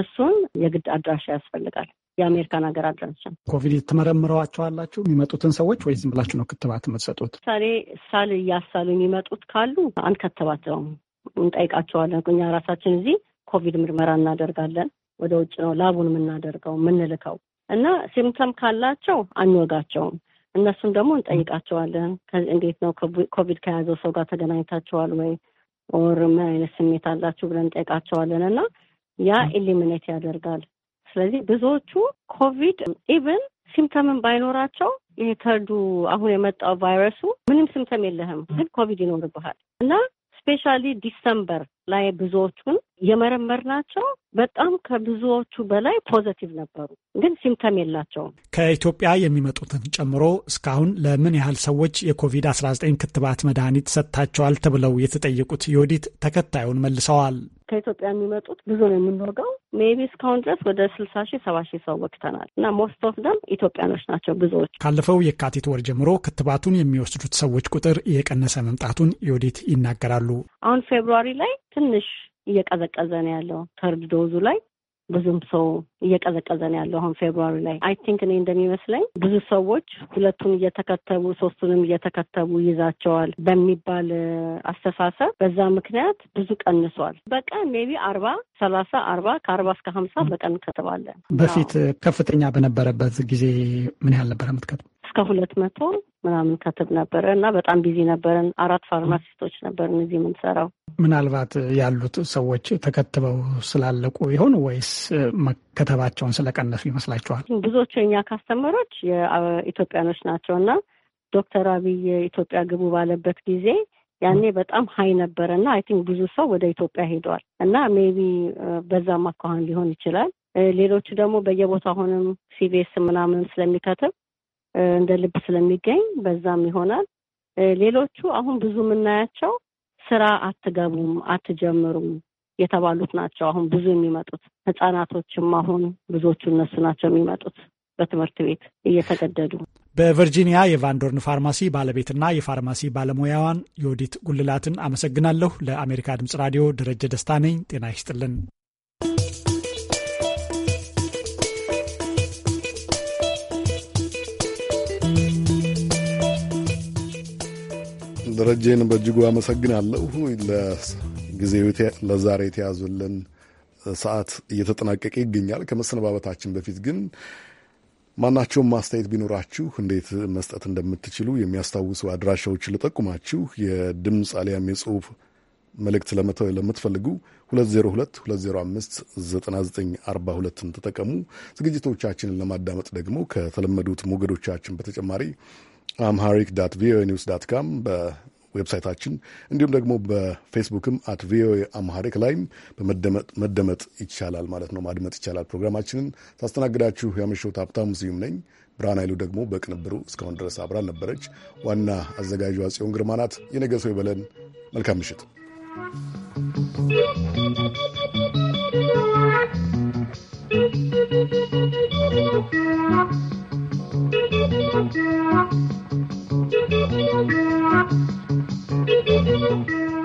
Speaker 17: እሱን የግድ አድራሻ ያስፈልጋል። የአሜሪካን ሀገር አድራሻ
Speaker 12: ኮቪድ ትመረምረዋቸው አላችሁ የሚመጡትን ሰዎች ወይ ዝም ብላችሁ ነው ክትባት
Speaker 17: የምትሰጡት? ምሳሌ ሳል እያሳሉ የሚመጡት ካሉ አንከተባቸውም፣ እንጠይቃቸዋለን። እኛ ራሳችን እዚህ ኮቪድ ምርመራ እናደርጋለን። ወደ ውጭ ነው ላቡን የምናደርገው የምንልከው እና ሲምፕተም ካላቸው አንወጋቸውም። እነሱም ደግሞ እንጠይቃቸዋለን። እንዴት ነው ኮቪድ ከያዘው ሰው ጋር ተገናኝታችኋል ወይ? ኦር ምን አይነት ስሜት አላችሁ ብለን እንጠይቃቸዋለን እና ያ ኤሊሚኔት ያደርጋል። ስለዚህ ብዙዎቹ ኮቪድ ኢቨን ሲምተምን ባይኖራቸው ይሄ ተርዱ አሁን የመጣው ቫይረሱ ምንም ሲምተም የለህም፣ ግን ኮቪድ ይኖርብሃል እና ስፔሻሊ ዲሰምበር ላይ ብዙዎቹን የመረመር ናቸው። በጣም ከብዙዎቹ በላይ ፖዘቲቭ ነበሩ፣ ግን ሲምተም የላቸውም።
Speaker 12: ከኢትዮጵያ የሚመጡትን ጨምሮ እስካሁን ለምን ያህል ሰዎች የኮቪድ-19 ክትባት መድኃኒት ሰጥታቸዋል ተብለው የተጠየቁት የወዲት ተከታዩን መልሰዋል።
Speaker 17: ከኢትዮጵያ የሚመጡት ብዙ ነው የምንወጋው። ሜቢ እስካሁን ድረስ ወደ ስልሳ ሺህ ሰባ ሺህ ሰው ወቅተናል እና ሞስት ኦፍ ደም ኢትዮጵያኖች
Speaker 12: ናቸው ብዙዎች። ካለፈው የካቲት ወር ጀምሮ ክትባቱን የሚወስዱት ሰዎች ቁጥር እየቀነሰ መምጣቱን የወዲት ይናገራሉ።
Speaker 17: አሁን ፌብሩዋሪ ላይ ትንሽ እየቀዘቀዘ ነው ያለው። ተርድ ዶዙ ላይ ብዙም ሰው እየቀዘቀዘ ነው ያለው። አሁን ፌብሩዋሪ ላይ አይ ቲንክ እኔ እንደሚመስለኝ ብዙ ሰዎች ሁለቱን እየተከተቡ ሶስቱንም እየተከተቡ ይዛቸዋል በሚባል uh, አስተሳሰብ በዛ ምክንያት ብዙ ቀንሷል። በቀን ሜቢ አርባ ሰላሳ አርባ ከአርባ እስከ ሀምሳ በቀን እንከትባለን።
Speaker 12: በፊት ከፍተኛ በነበረበት ጊዜ ምን ያህል ነበረ የምትከትበው?
Speaker 17: እስከ ሁለት መቶ ምናምን ከትብ ነበረ እና በጣም ቢዚ ነበረን። አራት ፋርማሲስቶች ነበርን እዚህ የምንሰራው።
Speaker 12: ምናልባት ያሉት ሰዎች ተከትበው ስላለቁ ይሆን ወይስ መከተባቸውን ስለቀነሱ ይመስላችኋል?
Speaker 17: ብዙዎቹ የኛ ካስተመሮች የኢትዮጵያኖች ናቸው እና ዶክተር አብይ ኢትዮጵያ ግቡ ባለበት ጊዜ ያኔ በጣም ሀይ ነበረ እና አይ ቲንክ ብዙ ሰው ወደ ኢትዮጵያ ሄደዋል እና ሜቢ በዛም አካኋን ሊሆን ይችላል። ሌሎቹ ደግሞ በየቦታ ሆነም ሲቪኤስ ምናምን ስለሚከትብ እንደ ልብ ስለሚገኝ በዛም ይሆናል። ሌሎቹ አሁን ብዙ የምናያቸው ስራ አትገቡም፣ አትጀምሩም የተባሉት ናቸው። አሁን ብዙ የሚመጡት ህጻናቶችም አሁን ብዙዎቹ እነሱ ናቸው የሚመጡት በትምህርት ቤት እየተገደዱ።
Speaker 12: በቨርጂኒያ የቫንዶርን ፋርማሲ ባለቤትና የፋርማሲ ባለሙያዋን የወዲት ጉልላትን አመሰግናለሁ። ለአሜሪካ ድምጽ ራዲዮ ደረጀ ደስታ ነኝ። ጤና ይስጥልን።
Speaker 1: ደረጀን በእጅጉ አመሰግናለሁ። ለጊዜው ለዛሬ የተያዙልን ሰዓት እየተጠናቀቀ ይገኛል። ከመሰነባበታችን በፊት ግን ማናቸውም ማስተያየት ቢኖራችሁ እንዴት መስጠት እንደምትችሉ የሚያስታውሱ አድራሻዎችን ልጠቁማችሁ። የድምፅ አሊያም የጽሁፍ መልእክት ለመተው ለምትፈልጉ 2022059942ን ተጠቀሙ። ዝግጅቶቻችንን ለማዳመጥ ደግሞ ከተለመዱት ሞገዶቻችን በተጨማሪ አምሃሪክ ዳት ቪኦኤ ኒውስ ዳት ካም በዌብሳይታችን እንዲሁም ደግሞ በፌስቡክም አት ቪኦኤ አምሃሪክ ላይም በመደመጥ ይቻላል ማለት ነው፣ ማድመጥ ይቻላል። ፕሮግራማችንን ታስተናግዳችሁ ያመሸሁት ሀብታሙ ስዩም ነኝ። ብርሃን ኃይሉ ደግሞ በቅንብሩ እስካሁን ድረስ አብራን ነበረች። ዋና አዘጋጇ ጽዮን ግርማ ናት። የነገ ሰው ይበለን። መልካም ምሽት።
Speaker 2: Thank you. Thank
Speaker 7: you.